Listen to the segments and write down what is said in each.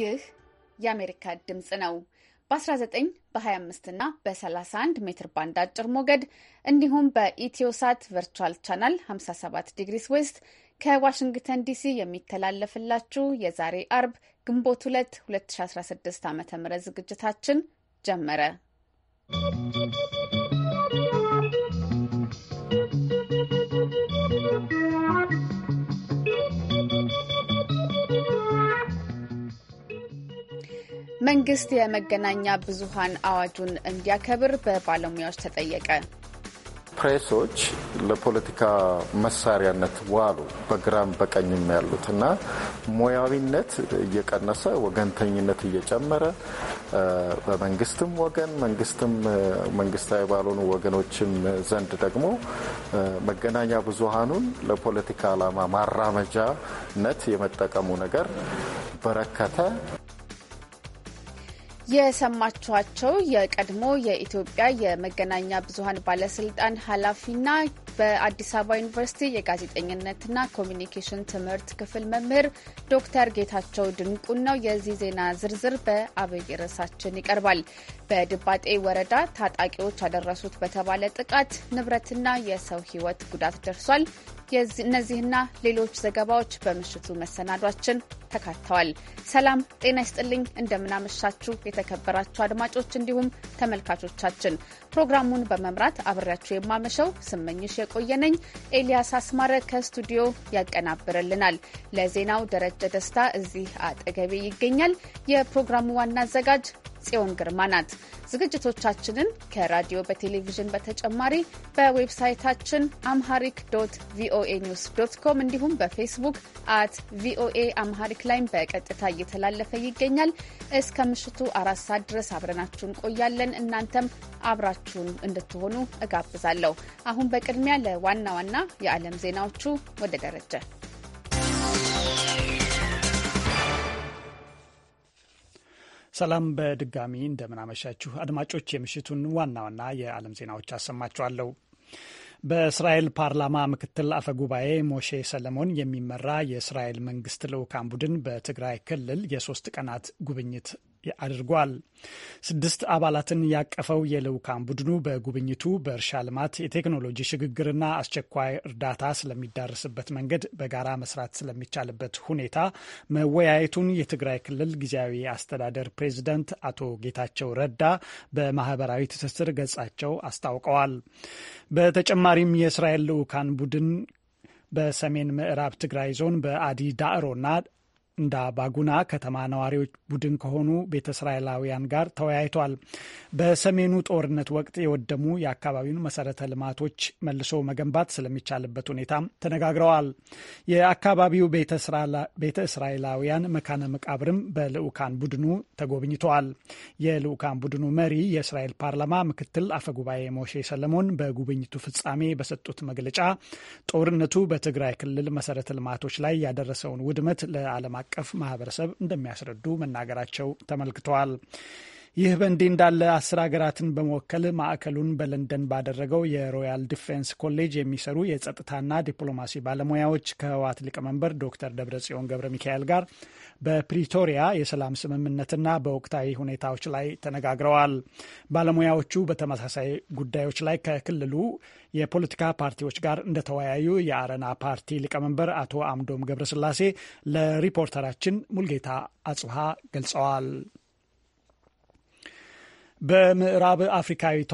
ይህ የአሜሪካ ድምፅ ነው። በ19 በ25 እና በ31 ሜትር ባንድ አጭር ሞገድ እንዲሁም በኢትዮሳት ቨርቹዋል ቻናል 57 ዲግሪስ ዌስት ከዋሽንግተን ዲሲ የሚተላለፍላችሁ የዛሬ አርብ ግንቦት 2 2016 ዓ ም ዝግጅታችን ጀመረ። መንግስት የመገናኛ ብዙሃን አዋጁን እንዲያከብር በባለሙያዎች ተጠየቀ። ፕሬሶች ለፖለቲካ መሳሪያነት ዋሉ በግራም በቀኝም ያሉት እና ሙያዊነት እየቀነሰ ወገንተኝነት እየጨመረ በመንግስትም ወገን መንግስትም መንግስታዊ ባልሆኑ ወገኖችም ዘንድ ደግሞ መገናኛ ብዙሃኑን ለፖለቲካ ዓላማ ማራመጃነት የመጠቀሙ ነገር በረከተ። የሰማችኋቸው የቀድሞ የኢትዮጵያ የመገናኛ ብዙኃን ባለስልጣን ኃላፊና በአዲስ አበባ ዩኒቨርሲቲ የጋዜጠኝነትና ኮሚኒኬሽን ትምህርት ክፍል መምህር ዶክተር ጌታቸው ድንቁን ነው። የዚህ ዜና ዝርዝር በአብይ ርዕሳችን ይቀርባል። በድባጤ ወረዳ ታጣቂዎች ያደረሱት በተባለ ጥቃት ንብረትና የሰው ሕይወት ጉዳት ደርሷል። እነዚህና ሌሎች ዘገባዎች በምሽቱ መሰናዷችን ተካተዋል። ሰላም ጤና ይስጥልኝ። እንደምናመሻችሁ የተከበራችሁ አድማጮች እንዲሁም ተመልካቾቻችን ፕሮግራሙን በመምራት አብሬያችሁ የማመሸው ስመኝሽ የቆየ ነኝ። ኤልያስ አስማረ ከስቱዲዮ ያቀናብርልናል። ለዜናው ደረጀ ደስታ እዚህ አጠገቤ ይገኛል። የፕሮግራሙ ዋና አዘጋጅ ጽዮን ግርማ ናት። ዝግጅቶቻችንን ከራዲዮ በቴሌቪዥን በተጨማሪ በዌብሳይታችን አምሃሪክ ዶት ቪኦኤ ኒውስ ዶት ኮም እንዲሁም በፌስቡክ አት ቪኦኤ አምሃሪክ ላይም በቀጥታ እየተላለፈ ይገኛል። እስከ ምሽቱ አራት ሰዓት ድረስ አብረናችሁ ቆያለን እናንተም አብራችሁን እንድትሆኑ እጋብዛለሁ። አሁን በቅድሚያ ለዋና ዋና የዓለም ዜናዎቹ ወደ ደረጀ ሰላም በድጋሚ እንደምናመሻችሁ አድማጮች፣ የምሽቱን ዋና ዋና የዓለም ዜናዎች አሰማችኋለሁ። በእስራኤል ፓርላማ ምክትል አፈጉባኤ ሞሼ ሰለሞን የሚመራ የእስራኤል መንግስት ልዑካን ቡድን በትግራይ ክልል የሶስት ቀናት ጉብኝት አድርጓል። ስድስት አባላትን ያቀፈው የልዑካን ቡድኑ በጉብኝቱ በእርሻ ልማት፣ የቴክኖሎጂ ሽግግርና አስቸኳይ እርዳታ ስለሚዳረስበት መንገድ፣ በጋራ መስራት ስለሚቻልበት ሁኔታ መወያየቱን የትግራይ ክልል ጊዜያዊ አስተዳደር ፕሬዚደንት አቶ ጌታቸው ረዳ በማህበራዊ ትስስር ገጻቸው አስታውቀዋል። በተጨማሪም የእስራኤል ልዑካን ቡድን በሰሜን ምዕራብ ትግራይ ዞን በአዲ ዳዕሮና እንዳ ባጉና ከተማ ነዋሪዎች ቡድን ከሆኑ ቤተ እስራኤላውያን ጋር ተወያይቷል። በሰሜኑ ጦርነት ወቅት የወደሙ የአካባቢውን መሰረተ ልማቶች መልሶ መገንባት ስለሚቻልበት ሁኔታም ተነጋግረዋል። የአካባቢው ቤተ እስራኤላውያን መካነ መቃብርም በልዑካን ቡድኑ ተጎብኝተዋል። የልዑካን ቡድኑ መሪ የእስራኤል ፓርላማ ምክትል አፈጉባኤ ሞሼ ሰለሞን በጉብኝቱ ፍጻሜ በሰጡት መግለጫ ጦርነቱ በትግራይ ክልል መሰረተ ልማቶች ላይ ያደረሰውን ውድመት ለዓለም አቀፍ ማህበረሰብ እንደሚያስረዱ መናገራቸው ተመልክተዋል። ይህ በእንዲህ እንዳለ አስር ሀገራትን በመወከል ማዕከሉን በለንደን ባደረገው የሮያል ዲፌንስ ኮሌጅ የሚሰሩ የጸጥታና ዲፕሎማሲ ባለሙያዎች ከህወሓት ሊቀመንበር ዶክተር ደብረጽዮን ገብረ ሚካኤል ጋር በፕሪቶሪያ የሰላም ስምምነትና በወቅታዊ ሁኔታዎች ላይ ተነጋግረዋል። ባለሙያዎቹ በተመሳሳይ ጉዳዮች ላይ ከክልሉ የፖለቲካ ፓርቲዎች ጋር እንደተወያዩ የአረና ፓርቲ ሊቀመንበር አቶ አምዶም ገብረስላሴ ለሪፖርተራችን ሙልጌታ አጽሃ ገልጸዋል። በምዕራብ አፍሪካዊቷ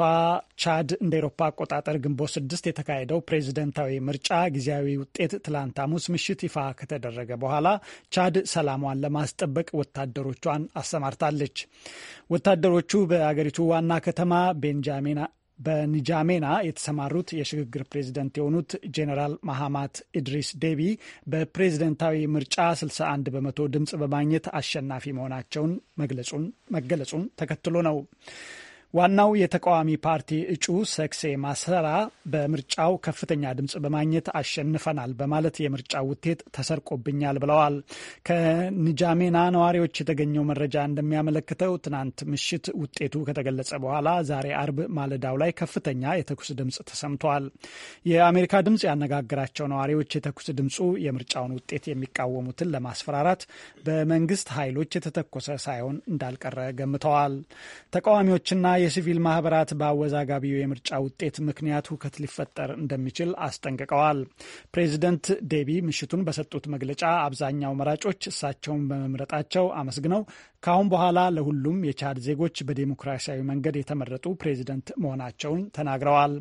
ቻድ እንደ ኤሮፓ አቆጣጠር ግንቦት ስድስት የተካሄደው ፕሬዝደንታዊ ምርጫ ጊዜያዊ ውጤት ትላንት ሐሙስ ምሽት ይፋ ከተደረገ በኋላ ቻድ ሰላሟን ለማስጠበቅ ወታደሮቿን አሰማርታለች። ወታደሮቹ በአገሪቱ ዋና ከተማ ቤንጃሚን በኒጃሜና የተሰማሩት የሽግግር ፕሬዝደንት የሆኑት ጄኔራል ማሃማት ኢድሪስ ዴቢ በፕሬዝደንታዊ ምርጫ 61 በመቶ ድምፅ በማግኘት አሸናፊ መሆናቸውን መገለጹን ተከትሎ ነው። ዋናው የተቃዋሚ ፓርቲ እጩ ሰክሴ ማሰራ በምርጫው ከፍተኛ ድምፅ በማግኘት አሸንፈናል በማለት የምርጫው ውጤት ተሰርቆብኛል ብለዋል። ከንጃሜና ነዋሪዎች የተገኘው መረጃ እንደሚያመለክተው ትናንት ምሽት ውጤቱ ከተገለጸ በኋላ ዛሬ አርብ ማለዳው ላይ ከፍተኛ የተኩስ ድምፅ ተሰምቷል። የአሜሪካ ድምፅ ያነጋገራቸው ነዋሪዎች የተኩስ ድምፁ የምርጫውን ውጤት የሚቃወሙትን ለማስፈራራት በመንግስት ኃይሎች የተተኮሰ ሳይሆን እንዳልቀረ ገምተዋል። ተቃዋሚዎችና የሲቪል ማህበራት በአወዛጋቢው የምርጫ ውጤት ምክንያት ሁከት ሊፈጠር እንደሚችል አስጠንቅቀዋል። ፕሬዚደንት ዴቢ ምሽቱን በሰጡት መግለጫ አብዛኛው መራጮች እሳቸውን በመምረጣቸው አመስግነው ከአሁን በኋላ ለሁሉም የቻድ ዜጎች በዴሞክራሲያዊ መንገድ የተመረጡ ፕሬዚደንት መሆናቸውን ተናግረዋል።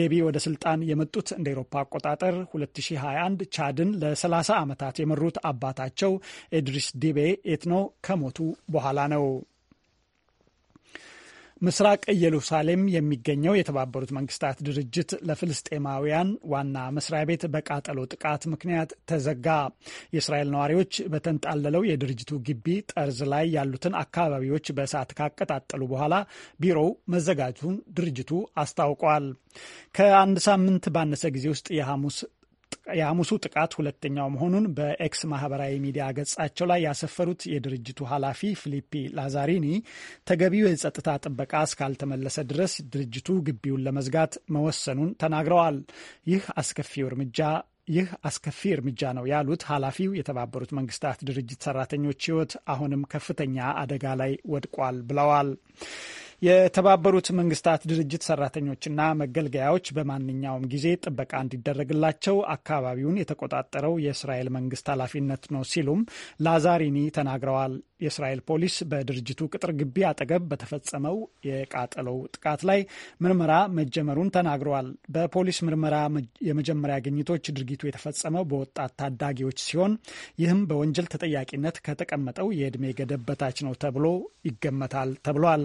ዴቢ ወደ ስልጣን የመጡት እንደ ኤሮፓ አቆጣጠር 2021 ቻድን ለ30 ዓመታት የመሩት አባታቸው ኤድሪስ ዲቤ ኤትኖ ከሞቱ በኋላ ነው። ምስራቅ ኢየሩሳሌም የሚገኘው የተባበሩት መንግስታት ድርጅት ለፍልስጤማውያን ዋና መስሪያ ቤት በቃጠሎ ጥቃት ምክንያት ተዘጋ። የእስራኤል ነዋሪዎች በተንጣለለው የድርጅቱ ግቢ ጠርዝ ላይ ያሉትን አካባቢዎች በእሳት ካቀጣጠሉ በኋላ ቢሮው መዘጋቱን ድርጅቱ አስታውቋል። ከአንድ ሳምንት ባነሰ ጊዜ ውስጥ የሐሙስ የሐሙሱ ጥቃት ሁለተኛው መሆኑን በኤክስ ማህበራዊ ሚዲያ ገጻቸው ላይ ያሰፈሩት የድርጅቱ ኃላፊ ፊሊፒ ላዛሪኒ ተገቢው የጸጥታ ጥበቃ እስካልተመለሰ ድረስ ድርጅቱ ግቢውን ለመዝጋት መወሰኑን ተናግረዋል። ይህ አስከፊው እርምጃ ይህ አስከፊ እርምጃ ነው ያሉት ኃላፊው የተባበሩት መንግስታት ድርጅት ሰራተኞች ሕይወት አሁንም ከፍተኛ አደጋ ላይ ወድቋል ብለዋል። የተባበሩት መንግስታት ድርጅት ሰራተኞችና መገልገያዎች በማንኛውም ጊዜ ጥበቃ እንዲደረግላቸው አካባቢውን የተቆጣጠረው የእስራኤል መንግስት ኃላፊነት ነው ሲሉም ላዛሪኒ ተናግረዋል። የእስራኤል ፖሊስ በድርጅቱ ቅጥር ግቢ አጠገብ በተፈጸመው የቃጠለው ጥቃት ላይ ምርመራ መጀመሩን ተናግረዋል። በፖሊስ ምርመራ የመጀመሪያ ግኝቶች ድርጊቱ የተፈጸመው በወጣት ታዳጊዎች ሲሆን ይህም በወንጀል ተጠያቂነት ከተቀመጠው የዕድሜ ገደብ በታች ነው ተብሎ ይገመታል ተብሏል።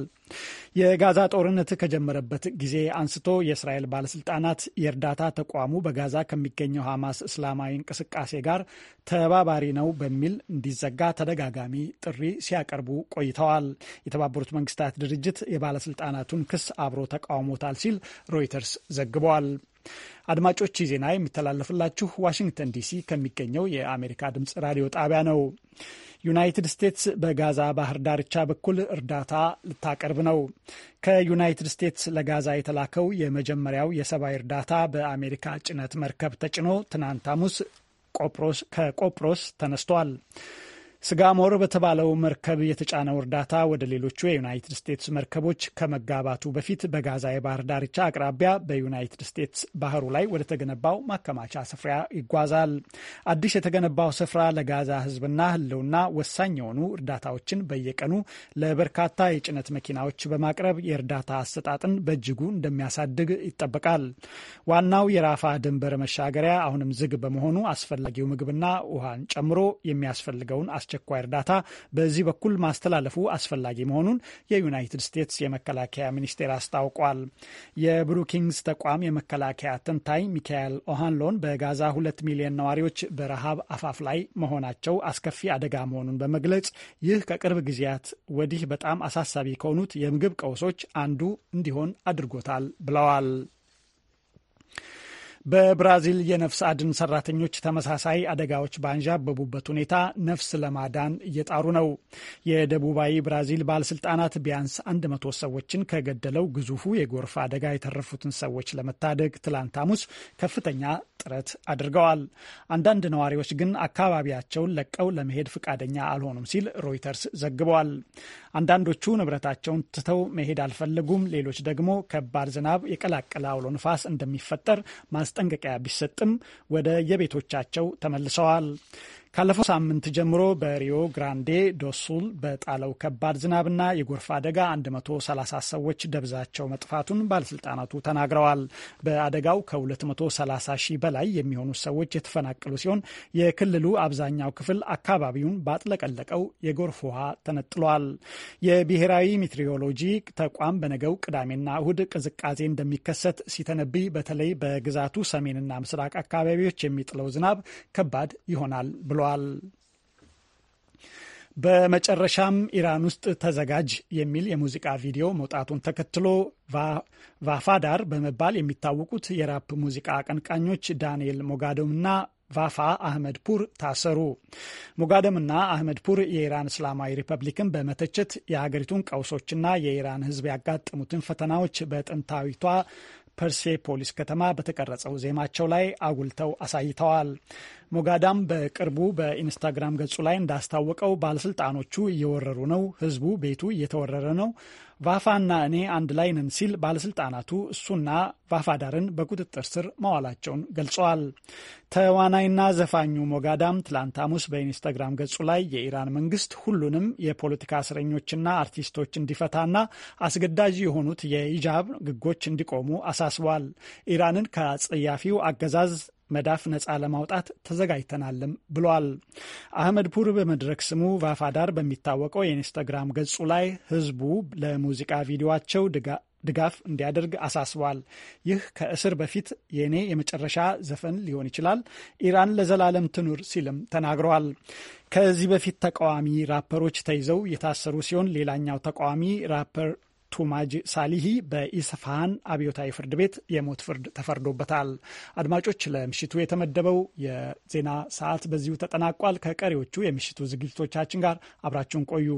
የጋዛ ጦርነት ከጀመረበት ጊዜ አንስቶ የእስራኤል ባለስልጣናት የእርዳታ ተቋሙ በጋዛ ከሚገኘው ሐማስ እስላማዊ እንቅስቃሴ ጋር ተባባሪ ነው በሚል እንዲዘጋ ተደጋጋሚ ጥሪ ጥሪ ሲያቀርቡ ቆይተዋል። የተባበሩት መንግስታት ድርጅት የባለስልጣናቱን ክስ አብሮ ተቃውሞታል ሲል ሮይተርስ ዘግበዋል። አድማጮች ዜና የሚተላለፍላችሁ ዋሽንግተን ዲሲ ከሚገኘው የአሜሪካ ድምፅ ራዲዮ ጣቢያ ነው። ዩናይትድ ስቴትስ በጋዛ ባህር ዳርቻ በኩል እርዳታ ልታቀርብ ነው። ከዩናይትድ ስቴትስ ለጋዛ የተላከው የመጀመሪያው የሰብአዊ እርዳታ በአሜሪካ ጭነት መርከብ ተጭኖ ትናንት ሐሙስ ከቆጵሮስ ተነስቷል። ስጋሞር በተባለው መርከብ የተጫነው እርዳታ ወደ ሌሎቹ የዩናይትድ ስቴትስ መርከቦች ከመጋባቱ በፊት በጋዛ የባህር ዳርቻ አቅራቢያ በዩናይትድ ስቴትስ ባህሩ ላይ ወደ ተገነባው ማከማቻ ስፍራ ይጓዛል። አዲስ የተገነባው ስፍራ ለጋዛ ሕዝብና ሕልውና ወሳኝ የሆኑ እርዳታዎችን በየቀኑ ለበርካታ የጭነት መኪናዎች በማቅረብ የእርዳታ አሰጣጥን በእጅጉ እንደሚያሳድግ ይጠበቃል። ዋናው የራፋ ድንበር መሻገሪያ አሁንም ዝግ በመሆኑ አስፈላጊው ምግብና ውሃን ጨምሮ የሚያስፈልገውን አስቸኳይ እርዳታ በዚህ በኩል ማስተላለፉ አስፈላጊ መሆኑን የዩናይትድ ስቴትስ የመከላከያ ሚኒስቴር አስታውቋል። የብሩኪንግስ ተቋም የመከላከያ ተንታኝ ሚካኤል ኦሃንሎን በጋዛ ሁለት ሚሊዮን ነዋሪዎች በረሃብ አፋፍ ላይ መሆናቸው አስከፊ አደጋ መሆኑን በመግለጽ ይህ ከቅርብ ጊዜያት ወዲህ በጣም አሳሳቢ ከሆኑት የምግብ ቀውሶች አንዱ እንዲሆን አድርጎታል ብለዋል። በብራዚል የነፍስ አድን ሰራተኞች ተመሳሳይ አደጋዎች ባንዣበቡበት ሁኔታ ነፍስ ለማዳን እየጣሩ ነው። የደቡባዊ ብራዚል ባለስልጣናት ቢያንስ 100 ሰዎችን ከገደለው ግዙፉ የጎርፍ አደጋ የተረፉትን ሰዎች ለመታደግ ትላንት ሐሙስ ከፍተኛ ጥረት አድርገዋል። አንዳንድ ነዋሪዎች ግን አካባቢያቸውን ለቀው ለመሄድ ፈቃደኛ አልሆኑም ሲል ሮይተርስ ዘግቧል። አንዳንዶቹ ንብረታቸውን ትተው መሄድ አልፈለጉም፣ ሌሎች ደግሞ ከባድ ዝናብ የቀላቀለ አውሎ ንፋስ እንደሚፈጠር ማስጠንቀቂያ ቢሰጥም ወደ የቤቶቻቸው ተመልሰዋል። ካለፈው ሳምንት ጀምሮ በሪዮ ግራንዴ ዶሱል በጣለው ከባድ ዝናብና የጎርፍ አደጋ 130 ሰዎች ደብዛቸው መጥፋቱን ባለስልጣናቱ ተናግረዋል። በአደጋው ከ230 ሺህ በላይ የሚሆኑ ሰዎች የተፈናቀሉ ሲሆን የክልሉ አብዛኛው ክፍል አካባቢውን ባጥለቀለቀው የጎርፍ ውሃ ተነጥሏል። የብሔራዊ ሜትሮሎጂ ተቋም በነገው ቅዳሜና እሁድ ቅዝቃዜ እንደሚከሰት ሲተነብይ በተለይ በግዛቱ ሰሜንና ምስራቅ አካባቢዎች የሚጥለው ዝናብ ከባድ ይሆናል ብሏል። ብሏል። በመጨረሻም ኢራን ውስጥ ተዘጋጅ የሚል የሙዚቃ ቪዲዮ መውጣቱን ተከትሎ ቫፋዳር በመባል የሚታወቁት የራፕ ሙዚቃ አቀንቃኞች ዳንኤል ሞጋዶምና ቫፋ አህመድ ፑር ታሰሩ። ሞጋደምና አህመድ ፑር የኢራን እስላማዊ ሪፐብሊክን በመተቸት የሀገሪቱን ቀውሶችና የኢራን ሕዝብ ያጋጠሙትን ፈተናዎች በጥንታዊቷ ፐርሴፖሊስ ከተማ በተቀረጸው ዜማቸው ላይ አጉልተው አሳይተዋል። ሞጋዳም በቅርቡ በኢንስታግራም ገጹ ላይ እንዳስታወቀው ባለስልጣኖቹ እየወረሩ ነው፣ ህዝቡ ቤቱ እየተወረረ ነው ቫፋና እኔ አንድ ላይ ነን ሲል ባለስልጣናቱ እሱና ቫፋዳርን በቁጥጥር ስር መዋላቸውን ገልጸዋል። ተዋናይና ዘፋኙ ሞጋዳም ትላንት ሐሙስ በኢንስታግራም ገጹ ላይ የኢራን መንግስት ሁሉንም የፖለቲካ እስረኞችና አርቲስቶች እንዲፈታና አስገዳጅ የሆኑት የሂጃብ ግጎች እንዲቆሙ አሳስቧል። ኢራንን ከጸያፊው አገዛዝ መዳፍ ነፃ ለማውጣት ተዘጋጅተናልም ብሏል። አህመድ ፑር በመድረክ ስሙ ቫፋዳር በሚታወቀው የኢንስታግራም ገጹ ላይ ህዝቡ ለሙዚቃ ቪዲዮቸው ድጋፍ እንዲያደርግ አሳስቧል። ይህ ከእስር በፊት የእኔ የመጨረሻ ዘፈን ሊሆን ይችላል፣ ኢራን ለዘላለም ትኑር ሲልም ተናግረዋል። ከዚህ በፊት ተቃዋሚ ራፐሮች ተይዘው የታሰሩ ሲሆን ሌላኛው ተቃዋሚ ራፐር ቱማጅ ሳሊሂ በኢስፋሃን አብዮታዊ ፍርድ ቤት የሞት ፍርድ ተፈርዶበታል። አድማጮች፣ ለምሽቱ የተመደበው የዜና ሰዓት በዚሁ ተጠናቋል። ከቀሪዎቹ የምሽቱ ዝግጅቶቻችን ጋር አብራችሁን ቆዩ።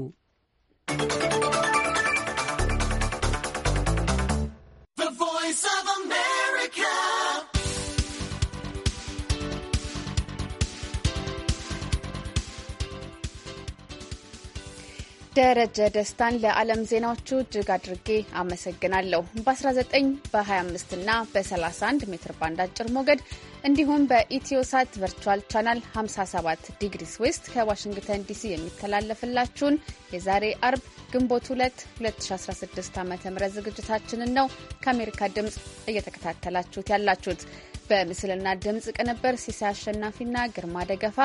ደረጀ ደስታን ለዓለም ዜናዎቹ እጅግ አድርጌ አመሰግናለሁ። በ19 በ25 እና በ31 ሜትር ባንድ አጭር ሞገድ እንዲሁም በኢትዮሳት ቨርቹዋል ቻናል 57 ዲግሪስ ዌስት ከዋሽንግተን ዲሲ የሚተላለፍላችሁን የዛሬ አርብ ግንቦት 2 2016 ዓ ም ዝግጅታችንን ነው ከአሜሪካ ድምፅ እየተከታተላችሁት ያላችሁት። በምስልና ድምፅ ቅንብር ሲሳይ አሸናፊና ግርማ ደገፋ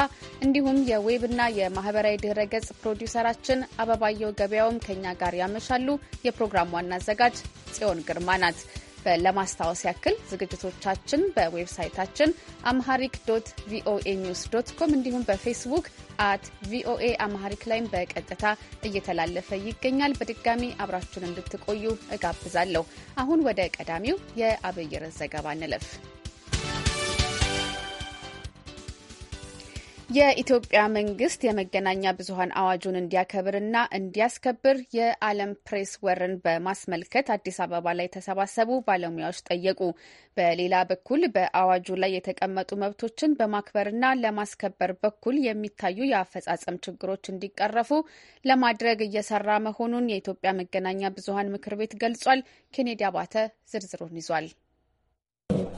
እንዲሁም የዌብና የማህበራዊ ድህረ ገጽ ፕሮዲውሰራችን አበባየው ገበያውም ከኛ ጋር ያመሻሉ። የፕሮግራም ዋና አዘጋጅ ጽዮን ግርማ ናት። ለማስታወስ ያክል ዝግጅቶቻችን በዌብሳይታችን አምሃሪክ ዶት ቪኦኤ ኒውስ ዶት ኮም እንዲሁም በፌስቡክ አት ቪኦኤ አምሃሪክ ላይም በቀጥታ እየተላለፈ ይገኛል። በድጋሚ አብራችሁን እንድትቆዩ እጋብዛለሁ። አሁን ወደ ቀዳሚው የአብይር ዘገባ እንለፍ። የኢትዮጵያ መንግስት የመገናኛ ብዙኃን አዋጁን እንዲያከብርና እንዲያስከብር የዓለም ፕሬስ ወርን በማስመልከት አዲስ አበባ ላይ የተሰባሰቡ ባለሙያዎች ጠየቁ። በሌላ በኩል በአዋጁ ላይ የተቀመጡ መብቶችን በማክበርና ለማስከበር በኩል የሚታዩ የአፈጻጸም ችግሮች እንዲቀረፉ ለማድረግ እየሰራ መሆኑን የኢትዮጵያ መገናኛ ብዙኃን ምክር ቤት ገልጿል። ኬኔዲ አባተ ዝርዝሩን ይዟል።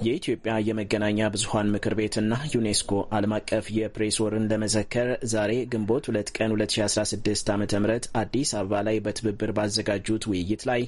የኢትዮጵያ የመገናኛ ብዙሀን ምክር ቤትና ዩኔስኮ ዓለም አቀፍ የፕሬስ ወርን ለመዘከር ዛሬ ግንቦት ሁለት ቀን 2016 ዓ ም አዲስ አበባ ላይ በትብብር ባዘጋጁት ውይይት ላይ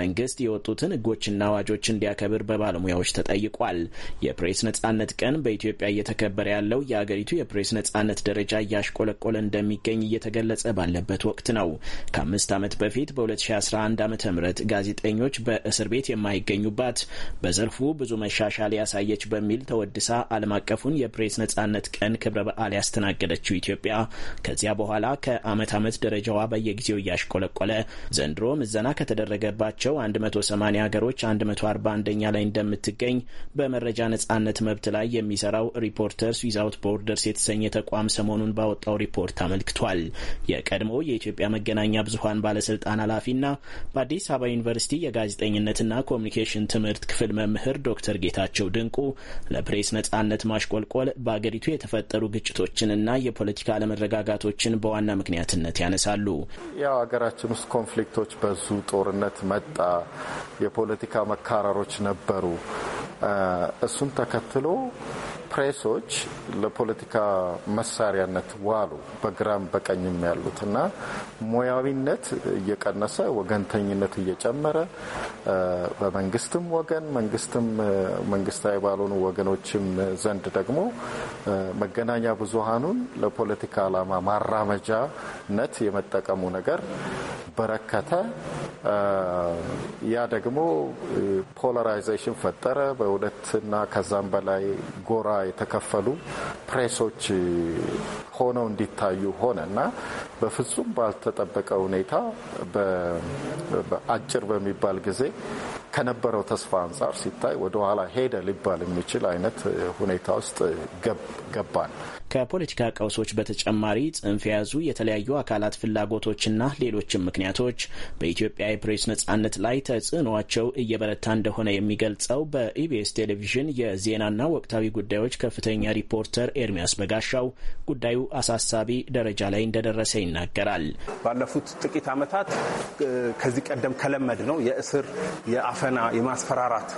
መንግስት የወጡትን ህጎችና አዋጆች እንዲያከብር በባለሙያዎች ተጠይቋል። የፕሬስ ነጻነት ቀን በኢትዮጵያ እየተከበረ ያለው የአገሪቱ የፕሬስ ነጻነት ደረጃ እያሽቆለቆለ እንደሚገኝ እየተገለጸ ባለበት ወቅት ነው። ከአምስት ዓመት በፊት በ2011 ዓ ም ጋዜጠኞች በእስር ቤት የማይገኙባት በዘርፉ ብዙ መሻሻ መሻሻል ያሳየች በሚል ተወድሳ ዓለም አቀፉን የፕሬስ ነጻነት ቀን ክብረ በዓል ያስተናገደችው ኢትዮጵያ ከዚያ በኋላ ከዓመት ዓመት ደረጃዋ በየጊዜው እያሽቆለቆለ ዘንድሮ ምዘና ከተደረገባቸው 180 ሀገሮች 141ኛ ላይ እንደምትገኝ በመረጃ ነጻነት መብት ላይ የሚሰራው ሪፖርተርስ ዊዛውት ቦርደርስ የተሰኘ ተቋም ሰሞኑን ባወጣው ሪፖርት አመልክቷል። የቀድሞ የኢትዮጵያ መገናኛ ብዙሀን ባለስልጣን ኃላፊና በአዲስ አበባ ዩኒቨርሲቲ የጋዜጠኝነትና ኮሚኒኬሽን ትምህርት ክፍል መምህር ዶክተር ጌታ ጌታቸው ድንቁ ለፕሬስ ነጻነት ማሽቆልቆል በአገሪቱ የተፈጠሩ ግጭቶችንና የፖለቲካ አለመረጋጋቶችን በዋና ምክንያትነት ያነሳሉ። ያው ሀገራችን ውስጥ ኮንፍሊክቶች በዙ፣ ጦርነት መጣ፣ የፖለቲካ መካረሮች ነበሩ። እሱን ተከትሎ ፕሬሶች ለፖለቲካ መሳሪያነት ዋሉ። በግራም በቀኝም ያሉት እና ሙያዊነት እየቀነሰ ወገንተኝነት እየጨመረ በመንግስትም ወገን መንግስትም መንግስታዊ ባልሆኑ ወገኖችም ዘንድ ደግሞ መገናኛ ብዙሃኑን ለፖለቲካ ዓላማ ማራመጃነት የመጠቀሙ ነገር በረከተ። ያ ደግሞ ፖላራይዜሽን ፈጠረ። በሁለትና ከዛም በላይ ጎራ የተከፈሉ ፕሬሶች ሆነው እንዲታዩ ሆነ እና በፍጹም ባልተጠበቀ ሁኔታ በአጭር በሚባል ጊዜ ከነበረው ተስፋ አንጻር ሲታይ ወደኋላ ሄደ ሊባል የሚችል አይነት ሁኔታ ውስጥ ገባን። ከፖለቲካ ቀውሶች በተጨማሪ ጽንፍ የያዙ የተለያዩ አካላት ፍላጎቶችና ሌሎችም ምክንያቶች በኢትዮጵያ የፕሬስ ነጻነት ላይ ተጽዕኖዋቸው እየበረታ እንደሆነ የሚገልጸው በኢቢኤስ ቴሌቪዥን የዜናና ወቅታዊ ጉዳዮች ከፍተኛ ሪፖርተር ኤርሚያስ በጋሻው ጉዳዩ አሳሳቢ ደረጃ ላይ እንደደረሰ ይናገራል። ባለፉት ጥቂት ዓመታት ከዚህ ቀደም ከለመድ ነው የእስር የአፈና የማስፈራራት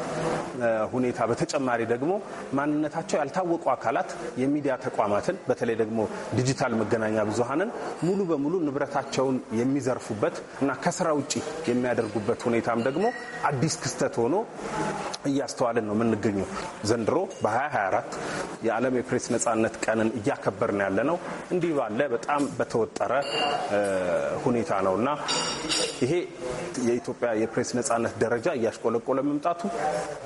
ሁኔታ በተጨማሪ ደግሞ ማንነታቸው ያልታወቁ አካላት የሚዲያ ተቋማት ተቋማትን በተለይ ደግሞ ዲጂታል መገናኛ ብዙሀንን ሙሉ በሙሉ ንብረታቸውን የሚዘርፉበት እና ከስራ ውጭ የሚያደርጉበት ሁኔታም ደግሞ አዲስ ክስተት ሆኖ እያስተዋልን ነው የምንገኘው። ዘንድሮ በ2024 የዓለም የፕሬስ ነጻነት ቀንን እያከበርን ያለ ነው። እንዲህ ባለ በጣም በተወጠረ ሁኔታ ነው እና ይሄ የኢትዮጵያ የፕሬስ ነጻነት ደረጃ እያሽቆለቆለ መምጣቱ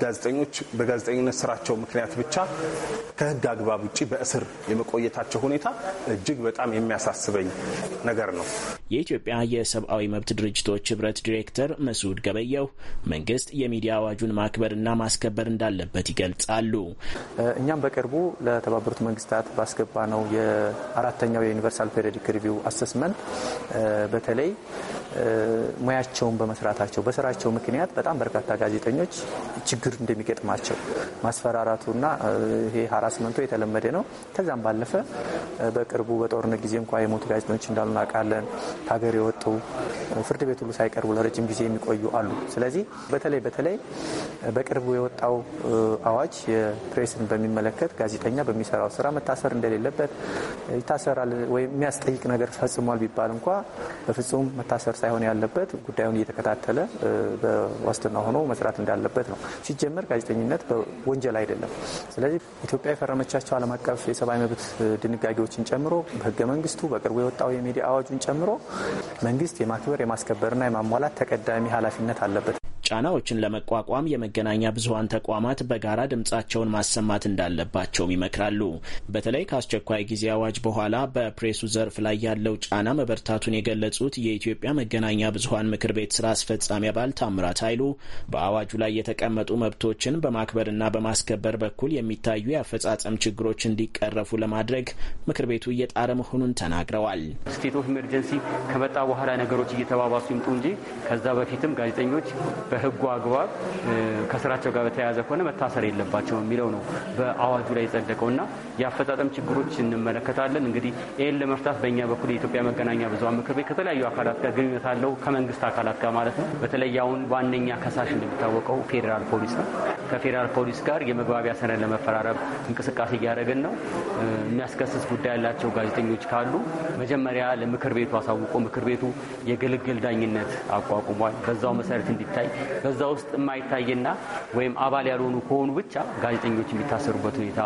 ጋዜጠኞች በጋዜጠኝነት ስራቸው ምክንያት ብቻ ከህግ አግባብ ውጭ በእስር የመቆየታቸው ሁኔታ እጅግ በጣም የሚያሳስበኝ ነገር ነው። የኢትዮጵያ የሰብአዊ መብት ድርጅቶች ህብረት ዲሬክተር መስዑድ ገበየው መንግስት የሚዲያ አዋጁን ማክበርና ማስከበር እንዳለበት ይገልጻሉ። እኛም በቅርቡ ለተባበሩት መንግስታት ባስገባ ነው የአራተኛው የዩኒቨርሳል ፔሪዲክ ሪቪው አሰስመንት በተለይ ሙያቸውን በመስራታቸው በስራቸው ምክንያት በጣም በርካታ ጋዜጠኞች ችግር እንደሚገጥማቸው ማስፈራራቱና ይሄ ሀራስመንቶ የተለመደ ነው። ከዛም ባለ ባለፈ በቅርቡ በጦርነት ጊዜ እንኳ የሞቱ ጋዜጠኞች እንዳሉ እናውቃለን። ከሀገር የወጡ ፍርድ ቤት ሁሉ ሳይቀርቡ ለረጅም ጊዜ የሚቆዩ አሉ። ስለዚህ በተለይ በተለይ በቅርቡ የወጣው አዋጅ የፕሬስን በሚመለከት ጋዜጠኛ በሚሰራው ስራ መታሰር እንደሌለበት ይታሰራል ወይም የሚያስጠይቅ ነገር ፈጽሟል ቢባል እንኳ በፍጹም መታሰር ሳይሆን ያለበት ጉዳዩን እየተከታተለ በዋስትና ሆኖ መስራት እንዳለበት ነው። ሲጀመር ጋዜጠኝነት በወንጀል አይደለም። ስለዚህ ኢትዮጵያ የፈረመቻቸው ዓለም አቀፍ የሰብአዊ መብት ድንጋጌዎችን ጨምሮ በህገ መንግስቱ በቅርቡ የወጣው የሚዲያ አዋጁን ጨምሮ መንግስት የማክበር የማስከበርና የማሟላት ተቀዳሚ ኃላፊነት አለበት። ጫናዎችን ለመቋቋም የመገናኛ ብዙሀን ተቋማት በጋራ ድምጻቸውን ማሰማት እንዳለባቸውም ይመክራሉ። በተለይ ከአስቸኳይ ጊዜ አዋጅ በኋላ በፕሬሱ ዘርፍ ላይ ያለው ጫና መበርታቱን የገለጹት የኢትዮጵያ መገናኛ ብዙሀን ምክር ቤት ስራ አስፈጻሚ አባል ታምራት ኃይሉ በአዋጁ ላይ የተቀመጡ መብቶችን በማክበርና በማስከበር በኩል የሚታዩ የአፈጻጸም ችግሮች እንዲቀረፉ ለማድረግ ምክር ቤቱ እየጣረ መሆኑን ተናግረዋል። ስቴት ኦፍ ኢመርጀንሲ ከመጣ በኋላ ነገሮች እየተባባሱ ይምጡ እንጂ ከዛ በፊትም ጋዜጠኞች በህጉ አግባብ ከስራቸው ጋር በተያያዘ ከሆነ መታሰር የለባቸው የሚለው ነው በአዋጁ ላይ የጸደቀው እና የአፈጻጸም ችግሮች እንመለከታለን። እንግዲህ ይህን ለመፍታት በእኛ በኩል የኢትዮጵያ መገናኛ ብዙሃን ምክር ቤት ከተለያዩ አካላት ጋር ግንኙነት አለው፣ ከመንግስት አካላት ጋር ማለት ነው። በተለይ አሁን ዋነኛ ከሳሽ እንደሚታወቀው ፌዴራል ፖሊስ ነው። ከፌዴራል ፖሊስ ጋር የመግባቢያ ሰነድ ለመፈራረብ እንቅስቃሴ እያደረግን ነው። የሚያስከስስ ጉዳይ ያላቸው ጋዜጠኞች ካሉ መጀመሪያ ለምክር ቤቱ አሳውቆ ምክር ቤቱ የግልግል ዳኝነት አቋቁሟል። በዛው መሰረት እንዲታይ በዛ ውስጥ የማይታይና ወይም አባል ያልሆኑ ከሆኑ ብቻ ጋዜጠኞች የሚታሰሩበት ሁኔታ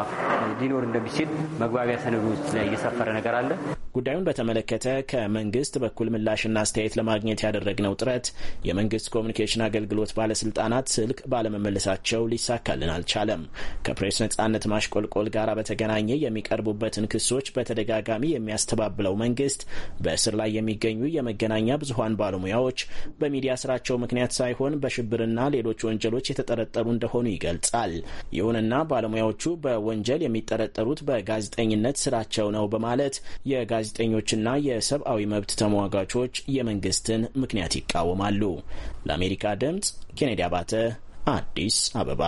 ሊኖር እንደሚችል መግባቢያ ውስጥ ላይ እየሰፈረ ነገር አለ። ጉዳዩን በተመለከተ ከመንግስት በኩል ምላሽና አስተያየት ለማግኘት ያደረግነው ጥረት የመንግስት ኮሚኒኬሽን አገልግሎት ባለስልጣናት ስልክ ባለመመለሳቸው ሊሳካልን አልቻለም። ከፕሬስ ነጻነት ማሽቆልቆል ጋር በተገናኘ የሚቀርቡበትን ክሶች በተደጋጋሚ የሚያስተባብለው መንግስት በእስር ላይ የሚገኙ የመገናኛ ብዙሀን ባለሙያዎች በሚዲያ ስራቸው ምክንያት ሳይሆን በሽብርና ሌሎች ወንጀሎች የተጠረጠሩ እንደሆኑ ይገልጻል። ይሁንና ባለሙያዎቹ በወንጀል የሚጠረጠሩት በጋዜጠኝነት ስራቸው ነው በማለት የጋ ጋዜጠኞችና የሰብአዊ መብት ተሟጋቾች የመንግስትን ምክንያት ይቃወማሉ። ለአሜሪካ ድምፅ ኬኔዲ አባተ አዲስ አበባ።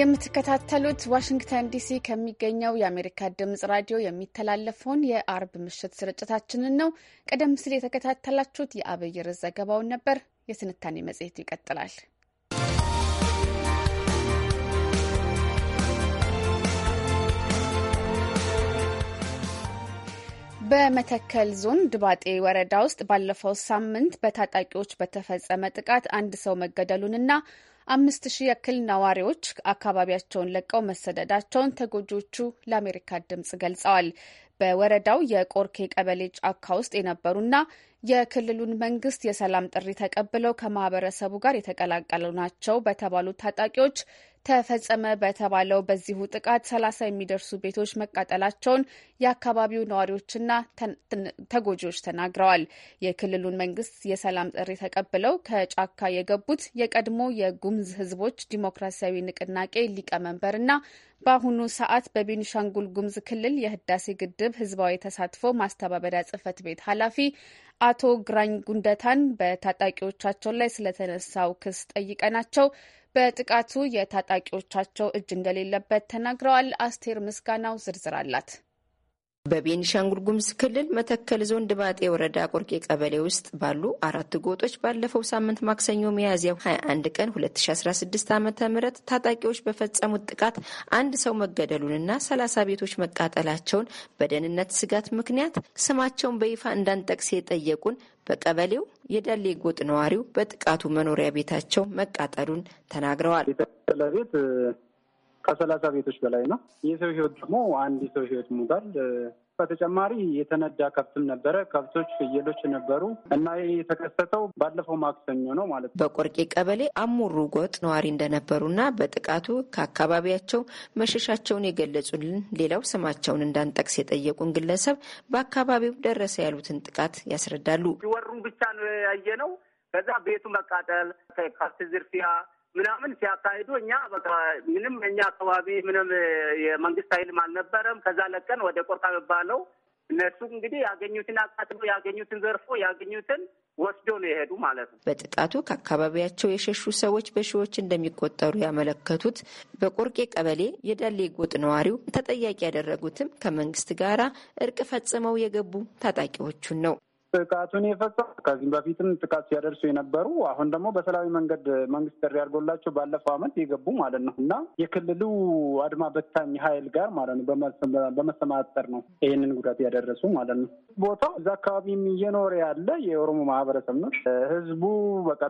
የምትከታተሉት ዋሽንግተን ዲሲ ከሚገኘው የአሜሪካ ድምጽ ራዲዮ የሚተላለፈውን የአርብ ምሽት ስርጭታችንን ነው። ቀደም ሲል የተከታተላችሁት የአብይር ዘገባውን ነበር። የትንታኔ መጽሔት ይቀጥላል። በመተከል ዞን ድባጤ ወረዳ ውስጥ ባለፈው ሳምንት በታጣቂዎች በተፈጸመ ጥቃት አንድ ሰው መገደሉንና አምስት ሺህ ያክል ነዋሪዎች አካባቢያቸውን ለቀው መሰደዳቸውን ተጎጂዎቹ ለአሜሪካ ድምጽ ገልጸዋል። በወረዳው የቆርኬ ቀበሌ ጫካ ውስጥ የነበሩና የክልሉን መንግስት የሰላም ጥሪ ተቀብለው ከማህበረሰቡ ጋር የተቀላቀሉ ናቸው በተባሉ ታጣቂዎች ተፈጸመ በተባለው በዚሁ ጥቃት ሰላሳ የሚደርሱ ቤቶች መቃጠላቸውን የአካባቢው ነዋሪዎችና ተጎጂዎች ተናግረዋል። የክልሉን መንግስት የሰላም ጥሪ ተቀብለው ከጫካ የገቡት የቀድሞ የጉሙዝ ሕዝቦች ዲሞክራሲያዊ ንቅናቄ ሊቀመንበርና በአሁኑ ሰዓት በቤኒሻንጉል ጉሙዝ ክልል የህዳሴ ግድብ ህዝባዊ ተሳትፎ ማስተባበሪያ ጽህፈት ቤት ኃላፊ አቶ ግራኝ ጉንደታን በታጣቂዎቻቸው ላይ ስለተነሳው ክስ ጠይቀናቸው በጥቃቱ የታጣቂዎቻቸው እጅ እንደሌለበት ተናግረዋል። አስቴር ምስጋናው ዝርዝር አላት። በቤኒሻንጉል ጉምዝ ክልል መተከል ዞን ድባጤ ወረዳ ቆርቄ ቀበሌ ውስጥ ባሉ አራት ጎጦች ባለፈው ሳምንት ማክሰኞ ሚያዝያ 21 ቀን 2016 ዓ ም ታጣቂዎች በፈጸሙት ጥቃት አንድ ሰው መገደሉንና 30 ቤቶች መቃጠላቸውን በደህንነት ስጋት ምክንያት ስማቸውን በይፋ እንዳንጠቅስ የጠየቁን በቀበሌው የዳሌ ጎጥ ነዋሪው በጥቃቱ መኖሪያ ቤታቸው መቃጠሉን ተናግረዋል። ከሰላሳ ቤቶች በላይ ነው። የሰው ህይወት ደግሞ አንድ የሰው ህይወት ሙቷል። በተጨማሪ የተነዳ ከብትም ነበረ። ከብቶች፣ ፍየሎች ነበሩ እና የተከሰተው ባለፈው ማክሰኞ ነው ማለት ነው። በቆርቄ ቀበሌ አሙሩ ጎጥ ነዋሪ እንደነበሩና በጥቃቱ ከአካባቢያቸው መሸሻቸውን የገለጹልን ሌላው ስማቸውን እንዳንጠቅስ የጠየቁን ግለሰብ በአካባቢው ደረሰ ያሉትን ጥቃት ያስረዳሉ። ሲወሩም ብቻ ነው ያየነው። ከዛ ቤቱ መቃጠል፣ ከብት ዝርፊያ ምናምን ሲያካሂዱ እኛ በቃ ምንም እኛ አካባቢ ምንም የመንግስት ኃይልም አልነበረም። ከዛ ለቀን ወደ ቆርቃ የሚባለው እነሱ እንግዲህ ያገኙትን አቃጥሎ ያገኙትን ዘርፎ ያገኙትን ወስዶ ነው የሄዱ ማለት ነው። በጥቃቱ ከአካባቢያቸው የሸሹ ሰዎች በሺዎች እንደሚቆጠሩ ያመለከቱት በቆርቄ ቀበሌ የዳሌ ጎጥ ነዋሪው ተጠያቂ ያደረጉትም ከመንግስት ጋራ እርቅ ፈጽመው የገቡ ታጣቂዎቹን ነው። ጥቃቱን የፈጸሙ ከዚህም በፊትም ጥቃት ሲያደርሱ የነበሩ አሁን ደግሞ በሰላዊ መንገድ መንግስት ጥሪ አድርጎላቸው ባለፈው አመት የገቡ ማለት ነው እና የክልሉ አድማ በታኝ ሀይል ጋር ማለት ነው በመሰማጠር ነው ይህንን ጉዳት ያደረሱ ማለት ነው። ቦታው እዛ አካባቢም እየኖረ ያለ የኦሮሞ ማህበረሰብ ነው። ህዝቡ በቃ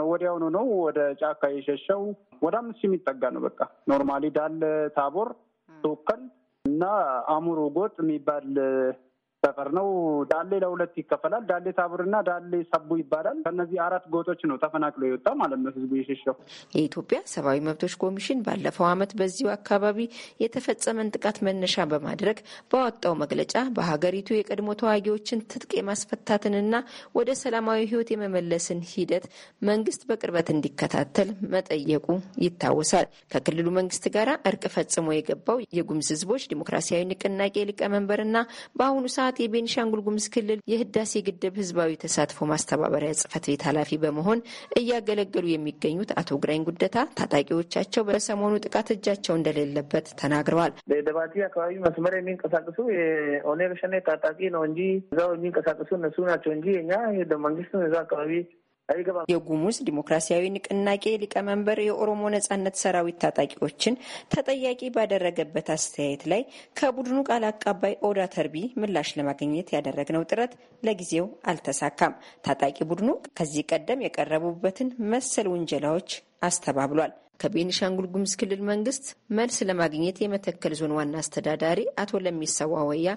ነው ወዲያውኑ ነው ወደ ጫካ የሸሸው። ወደ አምስት የሚጠጋ ነው። በቃ ኖርማሊ ዳለ ታቦር፣ ተወከል እና አሙሮ ጎጥ የሚባል ሰፈር ነው። ዳሌ ለሁለት ይከፈላል። ዳሌ ታቡርና ዳሌ ሰቡ ይባላል። ከነዚህ አራት ጎጦች ነው ተፈናቅሎ የወጣ ማለት ነው ህዝቡ የሸሸው። የኢትዮጵያ ሰብአዊ መብቶች ኮሚሽን ባለፈው ዓመት በዚሁ አካባቢ የተፈጸመን ጥቃት መነሻ በማድረግ ባወጣው መግለጫ በሀገሪቱ የቀድሞ ተዋጊዎችን ትጥቅ የማስፈታትንና ወደ ሰላማዊ ህይወት የመመለስን ሂደት መንግስት በቅርበት እንዲከታተል መጠየቁ ይታወሳል። ከክልሉ መንግስት ጋር እርቅ ፈጽሞ የገባው የጉምዝ ህዝቦች ዲሞክራሲያዊ ንቅናቄ ሊቀመንበርና በአሁኑ ሰዓት ሰዓት የቤኒሻንጉል ጉምዝ ክልል የህዳሴ ግድብ ህዝባዊ ተሳትፎ ማስተባበሪያ ጽህፈት ቤት ኃላፊ በመሆን እያገለገሉ የሚገኙት አቶ ግራኝ ጉደታ ታጣቂዎቻቸው በሰሞኑ ጥቃት እጃቸው እንደሌለበት ተናግረዋል። በደባቲ አካባቢ መስመር የሚንቀሳቀሱ የኦነግ ሸኔ ታጣቂ ነው እንጂ እዛው የሚንቀሳቀሱ እነሱ ናቸው እንጂ እኛ መንግስት እዛ አካባቢ የጉሙዝ ዲሞክራሲያዊ ንቅናቄ ሊቀመንበር የኦሮሞ ነጻነት ሰራዊት ታጣቂዎችን ተጠያቂ ባደረገበት አስተያየት ላይ ከቡድኑ ቃል አቀባይ ኦዳ ተርቢ ምላሽ ለማግኘት ያደረግነው ጥረት ለጊዜው አልተሳካም። ታጣቂ ቡድኑ ከዚህ ቀደም የቀረቡበትን መሰል ውንጀላዎች አስተባብሏል። ከቤኒሻንጉል ጉሙዝ ክልል መንግስት መልስ ለማግኘት የመተከል ዞን ዋና አስተዳዳሪ አቶ ለሚሰዋ ወያ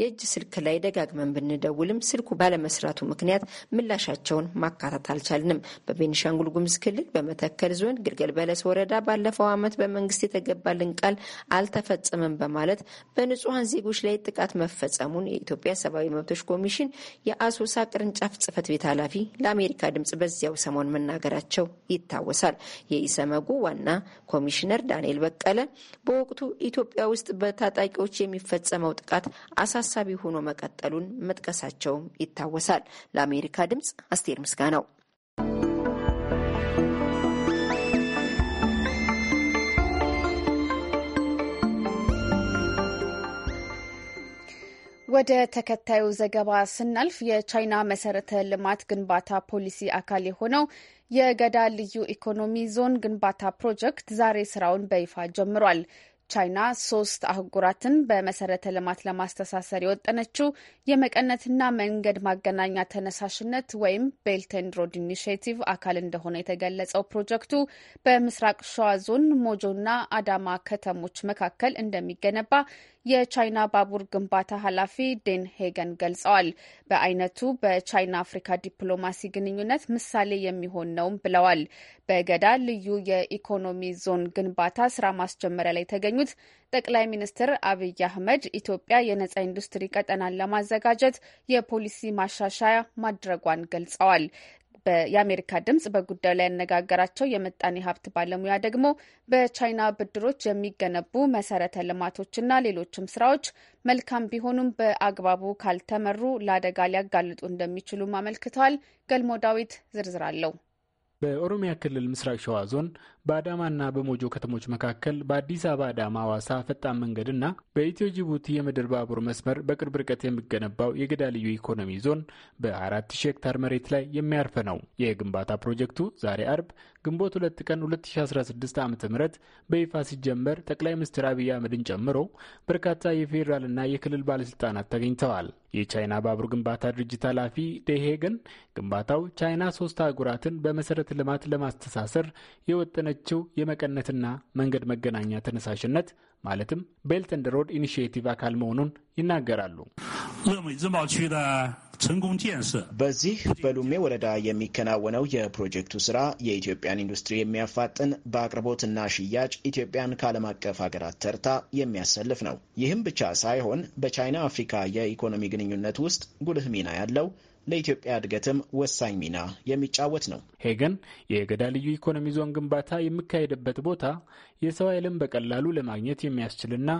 የእጅ ስልክ ላይ ደጋግመን ብንደውልም ስልኩ ባለመስራቱ ምክንያት ምላሻቸውን ማካታት አልቻልንም። በቤኒሻንጉል ጉሙዝ ክልል በመተከል ዞን ግልገል በለስ ወረዳ ባለፈው ዓመት በመንግስት የተገባልን ቃል አልተፈጸመም በማለት በንጹሐን ዜጎች ላይ ጥቃት መፈጸሙን የኢትዮጵያ ሰብአዊ መብቶች ኮሚሽን የአሶሳ ቅርንጫፍ ጽህፈት ቤት ኃላፊ ለአሜሪካ ድምጽ በዚያው ሰሞን መናገራቸው ይታወሳል። የኢሰመጉ ዋና ኮሚሽነር ዳንኤል በቀለ በወቅቱ ኢትዮጵያ ውስጥ በታጣቂዎች የሚፈጸመው ጥቃት አሳሳቢ ሆኖ መቀጠሉን መጥቀሳቸውም ይታወሳል። ለአሜሪካ ድምጽ አስቴር ምስጋናው። ወደ ተከታዩ ዘገባ ስናልፍ የቻይና መሰረተ ልማት ግንባታ ፖሊሲ አካል የሆነው የገዳ ልዩ ኢኮኖሚ ዞን ግንባታ ፕሮጀክት ዛሬ ስራውን በይፋ ጀምሯል። ቻይና ሶስት አህጉራትን በመሰረተ ልማት ለማስተሳሰር የወጠነችው የመቀነትና መንገድ ማገናኛ ተነሳሽነት ወይም ቤልት ሮድ ኢኒሽቲቭ አካል እንደሆነ የተገለጸው ፕሮጀክቱ በምስራቅ ሸዋ ዞን ሞጆና አዳማ ከተሞች መካከል እንደሚገነባ የቻይና ባቡር ግንባታ ኃላፊ ዴን ሄገን ገልጸዋል። በአይነቱ በቻይና አፍሪካ ዲፕሎማሲ ግንኙነት ምሳሌ የሚሆን ነውም ብለዋል። በገዳ ልዩ የኢኮኖሚ ዞን ግንባታ ስራ ማስጀመሪያ ላይ የተገኙት ጠቅላይ ሚኒስትር አብይ አህመድ ኢትዮጵያ የነጻ ኢንዱስትሪ ቀጠናን ለማዘጋጀት የፖሊሲ ማሻሻያ ማድረጓን ገልጸዋል። የአሜሪካ ድምጽ በጉዳዩ ላይ ያነጋገራቸው የምጣኔ ሀብት ባለሙያ ደግሞ በቻይና ብድሮች የሚገነቡ መሰረተ ልማቶችና ሌሎችም ስራዎች መልካም ቢሆኑም በአግባቡ ካልተመሩ ለአደጋ ሊያጋልጡ እንደሚችሉም አመልክተዋል። ገልሞ ዳዊት ዝርዝር አለው። በኦሮሚያ ክልል ምስራቅ ሸዋ ዞን በአዳማና በሞጆ ከተሞች መካከል በአዲስ አበባ አዳማ ሐዋሳ ፈጣን መንገድና በኢትዮ ጅቡቲ የምድር ባቡር መስመር በቅርብ ርቀት የሚገነባው የገዳ ልዩ ኢኮኖሚ ዞን በአራት ሺህ ሄክታር መሬት ላይ የሚያርፍ ነው። የግንባታ ፕሮጀክቱ ዛሬ አርብ ግንቦት 2 ቀን 2016 ዓ በይፋ ሲጀመር ጠቅላይ ሚኒስትር አብይ አህመድን ጨምሮ በርካታ የፌዴራልና የክልል ባለስልጣናት ተገኝተዋል። የቻይና ባቡር ግንባታ ድርጅት ኃላፊ ደሄገን ግንባታው ቻይና ሶስት አህጉራትን በመሰረተ ልማት ለማስተሳሰር የወጠነችው የመቀነትና መንገድ መገናኛ ተነሳሽነት ማለትም ቤልት ኤንድ ሮድ ኢኒሽቲቭ አካል መሆኑን ይናገራሉ። በዚህ በሉሜ ወረዳ የሚከናወነው የፕሮጀክቱ ስራ የኢትዮጵያን ኢንዱስትሪ የሚያፋጥን በአቅርቦትና ሽያጭ ኢትዮጵያን ከዓለም አቀፍ ሀገራት ተርታ የሚያሰልፍ ነው። ይህም ብቻ ሳይሆን በቻይና አፍሪካ የኢኮኖሚ ግንኙነት ውስጥ ጉልህ ሚና ያለው ለኢትዮጵያ እድገትም ወሳኝ ሚና የሚጫወት ነው። ሄገን የገዳ ልዩ ኢኮኖሚ ዞን ግንባታ የሚካሄድበት ቦታ የሰው ኃይልን በቀላሉ ለማግኘት የሚያስችልና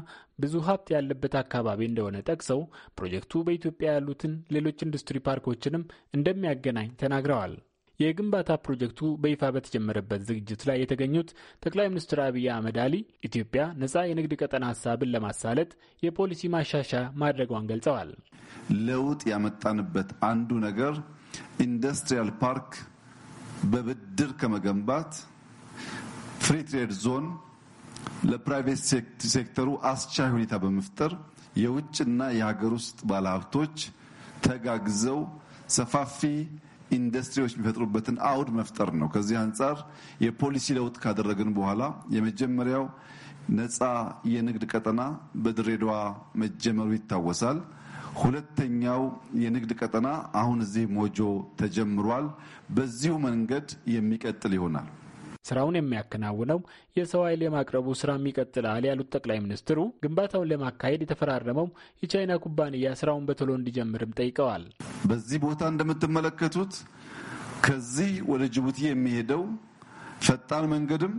ብዙ ሀብት ያለበት አካባቢ እንደሆነ ጠቅሰው ፕሮጀክቱ በኢትዮጵያ ያሉትን ሌሎች ኢንዱስትሪ ፓርኮችንም እንደሚያገናኝ ተናግረዋል። የግንባታ ፕሮጀክቱ በይፋ በተጀመረበት ዝግጅት ላይ የተገኙት ጠቅላይ ሚኒስትር አብይ አህመድ አሊ ኢትዮጵያ ነጻ የንግድ ቀጠና ሀሳብን ለማሳለጥ የፖሊሲ ማሻሻያ ማድረጓን ገልጸዋል። ለውጥ ያመጣንበት አንዱ ነገር ኢንዱስትሪያል ፓርክ በብድር ከመገንባት ፍሪ ትሬድ ዞን ለፕራይቬት ሴክተሩ አስቻይ ሁኔታ በመፍጠር የውጭና የሀገር ውስጥ ባለሀብቶች ተጋግዘው ሰፋፊ ኢንዱስትሪዎች የሚፈጥሩበትን አውድ መፍጠር ነው። ከዚህ አንጻር የፖሊሲ ለውጥ ካደረግን በኋላ የመጀመሪያው ነፃ የንግድ ቀጠና በድሬዳዋ መጀመሩ ይታወሳል። ሁለተኛው የንግድ ቀጠና አሁን እዚህ ሞጆ ተጀምሯል። በዚሁ መንገድ የሚቀጥል ይሆናል። ስራውን የሚያከናውነው የሰው ኃይል የማቅረቡ ስራም ይቀጥላል ያሉት ጠቅላይ ሚኒስትሩ ግንባታውን ለማካሄድ የተፈራረመው የቻይና ኩባንያ ስራውን በቶሎ እንዲጀምርም ጠይቀዋል። በዚህ ቦታ እንደምትመለከቱት ከዚህ ወደ ጅቡቲ የሚሄደው ፈጣን መንገድም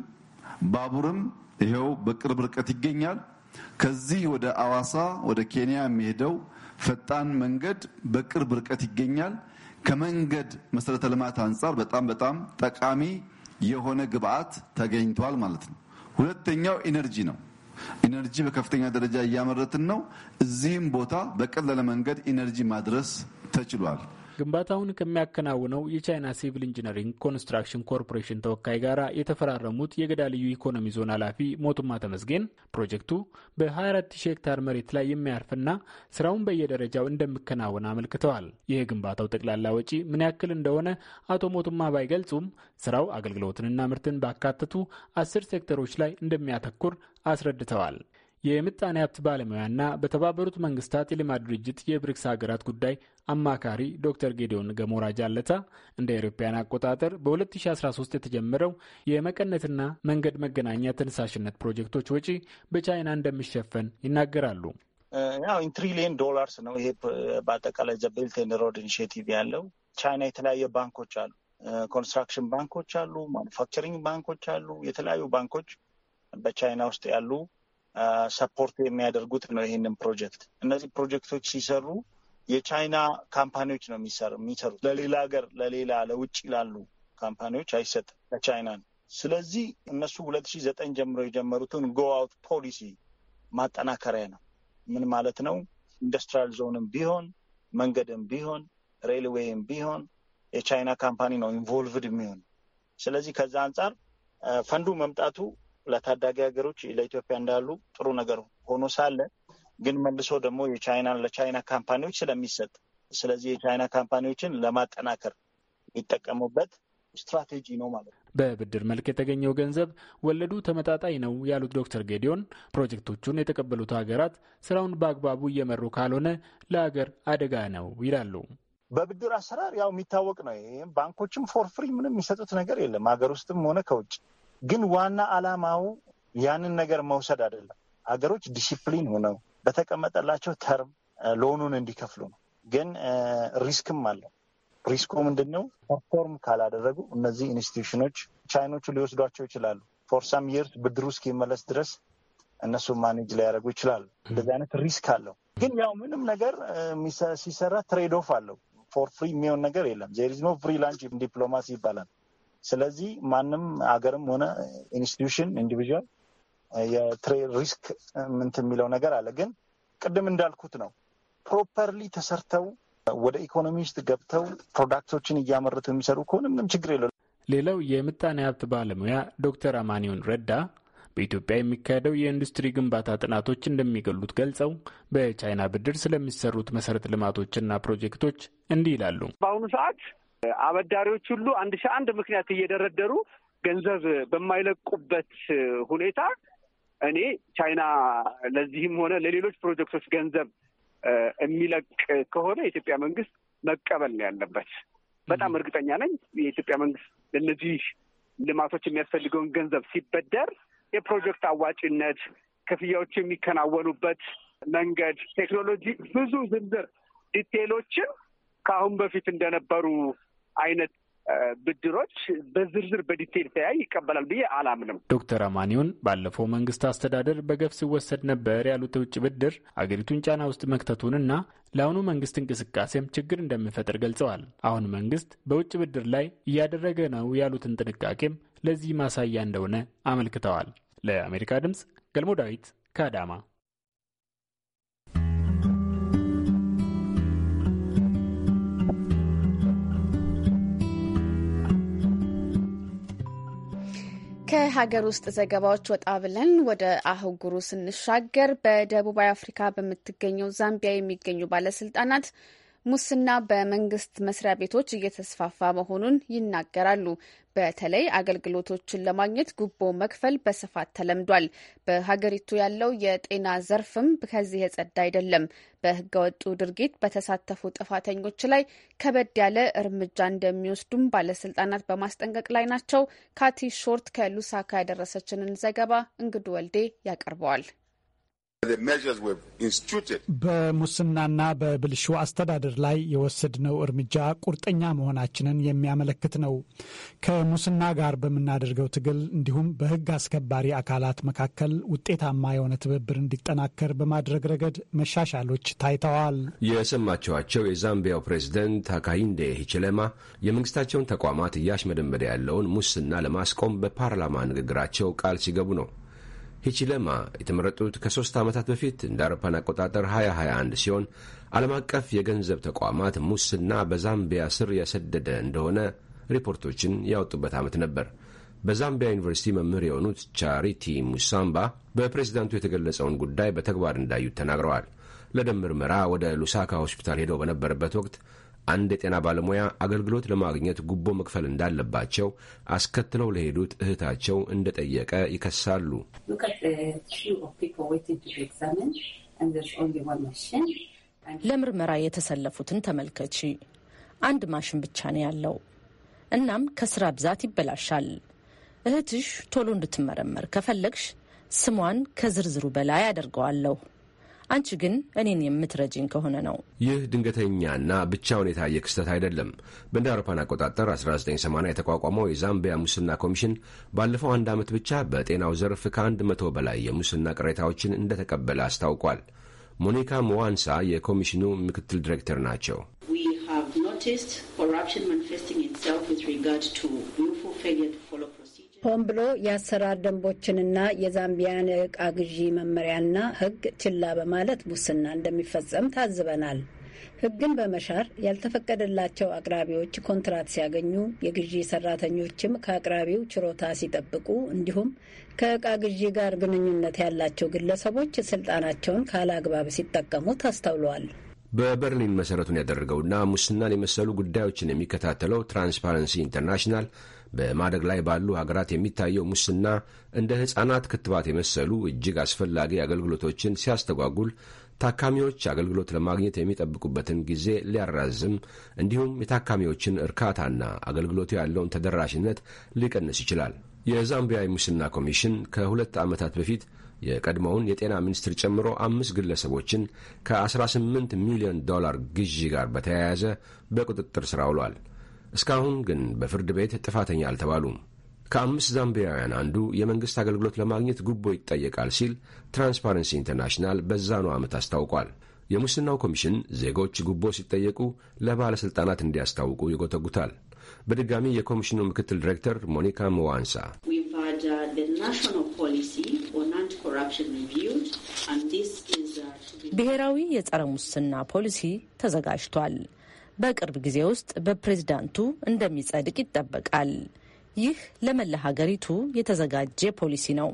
ባቡርም ይኸው በቅርብ ርቀት ይገኛል። ከዚህ ወደ አዋሳ ወደ ኬንያ የሚሄደው ፈጣን መንገድ በቅርብ ርቀት ይገኛል። ከመንገድ መሰረተ ልማት አንጻር በጣም በጣም ጠቃሚ የሆነ ግብአት ተገኝቷል ማለት ነው። ሁለተኛው ኢነርጂ ነው። ኢነርጂ በከፍተኛ ደረጃ እያመረትን ነው። እዚህም ቦታ በቀለለ መንገድ ኢነርጂ ማድረስ ተችሏል። ግንባታውን ከሚያከናውነው የቻይና ሲቪል ኢንጂነሪንግ ኮንስትራክሽን ኮርፖሬሽን ተወካይ ጋር የተፈራረሙት የገዳ ልዩ ኢኮኖሚ ዞን ኃላፊ ሞቱማ ተመስገን ፕሮጀክቱ በ240 ሄክታር መሬት ላይ የሚያርፍና ስራውን በየደረጃው እንደሚከናወን አመልክተዋል። ይህ ግንባታው ጠቅላላ ወጪ ምን ያክል እንደሆነ አቶ ሞቱማ ባይገልጹም ስራው አገልግሎትንና ምርትን ባካተቱ አስር ሴክተሮች ላይ እንደሚያተኩር አስረድተዋል። የምጣኔ ሀብት ባለሙያና በተባበሩት መንግስታት የልማት ድርጅት የብሪክስ ሀገራት ጉዳይ አማካሪ ዶክተር ጌዲዮን ገሞራ ጃለታ እንደ አውሮፓውያን አቆጣጠር በ2013 የተጀመረው የመቀነትና መንገድ መገናኛ ተነሳሽነት ፕሮጀክቶች ወጪ በቻይና እንደሚሸፈን ይናገራሉ። ያው ትሪሊየን ዶላርስ ነው። ይሄ በአጠቃላይ ዘቤልት ኤንድ ሮድ ኢኒሽቲቭ ያለው ቻይና የተለያየ ባንኮች አሉ። ኮንስትራክሽን ባንኮች አሉ፣ ማኑፋክቸሪንግ ባንኮች አሉ። የተለያዩ ባንኮች በቻይና ውስጥ ያሉ ሰፖርት የሚያደርጉት ነው ይህንን ፕሮጀክት። እነዚህ ፕሮጀክቶች ሲሰሩ የቻይና ካምፓኒዎች ነው የሚሰሩት። ለሌላ ሀገር ለሌላ ለውጭ ላሉ ካምፓኒዎች አይሰጥም፣ ለቻይና ነው። ስለዚህ እነሱ ሁለት ሺ ዘጠኝ ጀምሮ የጀመሩትን ጎ አውት ፖሊሲ ማጠናከሪያ ነው። ምን ማለት ነው? ኢንዱስትሪያል ዞንም ቢሆን መንገድም ቢሆን ሬልዌይም ቢሆን የቻይና ካምፓኒ ነው ኢንቮልቭድ የሚሆን። ስለዚህ ከዛ አንጻር ፈንዱ መምጣቱ ለታዳጊ ሀገሮች ለኢትዮጵያ እንዳሉ ጥሩ ነገር ሆኖ ሳለ ግን መልሶ ደግሞ የቻይና ለቻይና ካምፓኒዎች ስለሚሰጥ ስለዚህ የቻይና ካምፓኒዎችን ለማጠናከር የሚጠቀሙበት ስትራቴጂ ነው ማለት ነው። በብድር መልክ የተገኘው ገንዘብ ወለዱ ተመጣጣኝ ነው ያሉት ዶክተር ጌዲዮን ፕሮጀክቶቹን የተቀበሉት ሀገራት ስራውን በአግባቡ እየመሩ ካልሆነ ለሀገር አደጋ ነው ይላሉ። በብድር አሰራር ያው የሚታወቅ ነው። ይህም ባንኮችም ፎር ፍሪ ምንም የሚሰጡት ነገር የለም ሀገር ውስጥም ሆነ ከውጭ ግን ዋና አላማው ያንን ነገር መውሰድ አይደለም። ሀገሮች ዲሲፕሊን ሆነው በተቀመጠላቸው ተርም ሎኑን እንዲከፍሉ ነው። ግን ሪስክም አለው። ሪስኩ ምንድን ነው? ፐርፎርም ካላደረጉ እነዚህ ኢንስቲትዩሽኖች ቻይኖቹ ሊወስዷቸው ይችላሉ። ፎር ሳም ይርስ ብድሩ እስኪመለስ ድረስ እነሱ ማኔጅ ሊያደርጉ ይችላሉ። እንደዚህ አይነት ሪስክ አለው። ግን ያው ምንም ነገር ሲሰራ ትሬድ ኦፍ አለው። ፎር ፍሪ የሚሆን ነገር የለም። ዜር ኢዝ ኖ ፍሪ ላንች ዲፕሎማሲ ይባላል። ስለዚህ ማንም አገርም ሆነ ኢንስቲትዩሽን ኢንዲቪዥዋል የትሬ ሪስክ ምንት የሚለው ነገር አለ። ግን ቅድም እንዳልኩት ነው ፕሮፐርሊ ተሰርተው ወደ ኢኮኖሚ ውስጥ ገብተው ፕሮዳክቶችን እያመረቱ የሚሰሩ ከሆነ ምንም ችግር የለ። ሌላው የምጣኔ ሀብት ባለሙያ ዶክተር አማኒውን ረዳ በኢትዮጵያ የሚካሄደው የኢንዱስትሪ ግንባታ ጥናቶች እንደሚገሉት ገልጸው በቻይና ብድር ስለሚሰሩት መሰረተ ልማቶችና ፕሮጀክቶች እንዲህ ይላሉ። በአሁኑ ሰዓት አበዳሪዎች ሁሉ አንድ ሺ አንድ ምክንያት እየደረደሩ ገንዘብ በማይለቁበት ሁኔታ እኔ ቻይና ለዚህም ሆነ ለሌሎች ፕሮጀክቶች ገንዘብ የሚለቅ ከሆነ የኢትዮጵያ መንግስት መቀበል ነው ያለበት። በጣም እርግጠኛ ነኝ የኢትዮጵያ መንግስት ለእነዚህ ልማቶች የሚያስፈልገውን ገንዘብ ሲበደር የፕሮጀክት አዋጭነት፣ ክፍያዎች የሚከናወኑበት መንገድ፣ ቴክኖሎጂ ብዙ ዝርዝር ዲቴሎችን ከአሁን በፊት እንደነበሩ አይነት ብድሮች በዝርዝር በዲቴል ተያይ ይቀበላል ብዬ አላምንም። ዶክተር አማኒውን ባለፈው መንግስት አስተዳደር በገፍ ሲወሰድ ነበር ያሉት የውጭ ብድር አገሪቱን ጫና ውስጥ መክተቱንና ለአሁኑ መንግስት እንቅስቃሴም ችግር እንደሚፈጥር ገልጸዋል። አሁን መንግስት በውጭ ብድር ላይ እያደረገ ነው ያሉትን ጥንቃቄም ለዚህ ማሳያ እንደሆነ አመልክተዋል። ለአሜሪካ ድምፅ ገልሞ ዳዊት ከአዳማ ከሀገር ውስጥ ዘገባዎች ወጣ ብለን ወደ አህጉሩ ስንሻገር በደቡባዊ አፍሪካ በምትገኘው ዛምቢያ የሚገኙ ባለስልጣናት ሙስና በመንግስት መስሪያ ቤቶች እየተስፋፋ መሆኑን ይናገራሉ። በተለይ አገልግሎቶችን ለማግኘት ጉቦ መክፈል በስፋት ተለምዷል። በሀገሪቱ ያለው የጤና ዘርፍም ከዚህ የጸዳ አይደለም። በህገወጡ ድርጊት በተሳተፉ ጥፋተኞች ላይ ከበድ ያለ እርምጃ እንደሚወስዱም ባለስልጣናት በማስጠንቀቅ ላይ ናቸው። ካቲ ሾርት ከሉሳካ ያደረሰችንን ዘገባ እንግዱ ወልዴ ያቀርበዋል። በሙስናና በብልሹ አስተዳደር ላይ የወሰድነው እርምጃ ቁርጠኛ መሆናችንን የሚያመለክት ነው። ከሙስና ጋር በምናደርገው ትግል እንዲሁም በሕግ አስከባሪ አካላት መካከል ውጤታማ የሆነ ትብብር እንዲጠናከር በማድረግ ረገድ መሻሻሎች ታይተዋል። የሰማችኋቸው የዛምቢያው ፕሬዚደንት አካይንደ ሂችለማ የመንግስታቸውን ተቋማት እያሽመደመደ ያለውን ሙስና ለማስቆም በፓርላማ ንግግራቸው ቃል ሲገቡ ነው። ሂቺለማ የተመረጡት ከሦስት ዓመታት በፊት እንደ አውሮፓን አቆጣጠር 2021 ሲሆን ዓለም አቀፍ የገንዘብ ተቋማት ሙስና በዛምቢያ ስር የሰደደ እንደሆነ ሪፖርቶችን ያወጡበት ዓመት ነበር። በዛምቢያ ዩኒቨርሲቲ መምህር የሆኑት ቻሪቲ ሙሳምባ በፕሬዚዳንቱ የተገለጸውን ጉዳይ በተግባር እንዳዩት ተናግረዋል። ለደም ምርመራ ወደ ሉሳካ ሆስፒታል ሄደው በነበረበት ወቅት አንድ የጤና ባለሙያ አገልግሎት ለማግኘት ጉቦ መክፈል እንዳለባቸው አስከትለው ለሄዱት እህታቸው እንደጠየቀ ይከሳሉ። ለምርመራ የተሰለፉትን ተመልከቺ። አንድ ማሽን ብቻ ነው ያለው። እናም ከስራ ብዛት ይበላሻል። እህትሽ ቶሎ እንድትመረመር ከፈለግሽ ስሟን ከዝርዝሩ በላይ አደርገዋለሁ። አንቺ ግን እኔን የምትረጂኝ ከሆነ ነው። ይህ ድንገተኛና ብቻውን የታየ ክስተት አይደለም። በእንደ አውሮፓን አቆጣጠር 1980 የተቋቋመው የዛምቢያ ሙስና ኮሚሽን ባለፈው አንድ ዓመት ብቻ በጤናው ዘርፍ ከአንድ መቶ በላይ የሙስና ቅሬታዎችን እንደተቀበለ አስታውቋል። ሞኒካ ሙዋንሳ የኮሚሽኑ ምክትል ዲሬክተር ናቸው። ሆን ብሎ የአሰራር ደንቦችንና የዛምቢያን የእቃ ግዢ መመሪያና ሕግ ችላ በማለት ሙስና እንደሚፈጸም ታዝበናል። ሕግን በመሻር ያልተፈቀደላቸው አቅራቢዎች ኮንትራት ሲያገኙ፣ የግዢ ሰራተኞችም ከአቅራቢው ችሮታ ሲጠብቁ፣ እንዲሁም ከእቃ ግዢ ጋር ግንኙነት ያላቸው ግለሰቦች ስልጣናቸውን ካለአግባብ ሲጠቀሙ ታስተውለዋል። በበርሊን መሰረቱን ያደረገውና ሙስናን የመሰሉ ጉዳዮችን የሚከታተለው ትራንስፓረንሲ ኢንተርናሽናል በማደግ ላይ ባሉ ሀገራት የሚታየው ሙስና እንደ ሕፃናት ክትባት የመሰሉ እጅግ አስፈላጊ አገልግሎቶችን ሲያስተጓጉል ታካሚዎች አገልግሎት ለማግኘት የሚጠብቁበትን ጊዜ ሊያራዝም እንዲሁም የታካሚዎችን እርካታና አገልግሎቱ ያለውን ተደራሽነት ሊቀንስ ይችላል። የዛምቢያ የሙስና ኮሚሽን ከሁለት ዓመታት በፊት የቀድሞውን የጤና ሚኒስትር ጨምሮ አምስት ግለሰቦችን ከ18 ሚሊዮን ዶላር ግዢ ጋር በተያያዘ በቁጥጥር ሥር አውሏል። እስካሁን ግን በፍርድ ቤት ጥፋተኛ አልተባሉም። ከአምስት ዛምቢያውያን አንዱ የመንግሥት አገልግሎት ለማግኘት ጉቦ ይጠየቃል ሲል ትራንስፓረንሲ ኢንተርናሽናል በዛኑ ዓመት አስታውቋል። የሙስናው ኮሚሽን ዜጎች ጉቦ ሲጠየቁ ለባለሥልጣናት እንዲያስታውቁ ይጎተጉታል። በድጋሚ የኮሚሽኑ ምክትል ዲሬክተር ሞኒካ መዋንሳ ብሔራዊ የጸረ ሙስና ፖሊሲ ተዘጋጅቷል። በቅርብ ጊዜ ውስጥ በፕሬዝዳንቱ እንደሚጸድቅ ይጠበቃል። ይህ ለመላ ሀገሪቱ የተዘጋጀ ፖሊሲ ነው።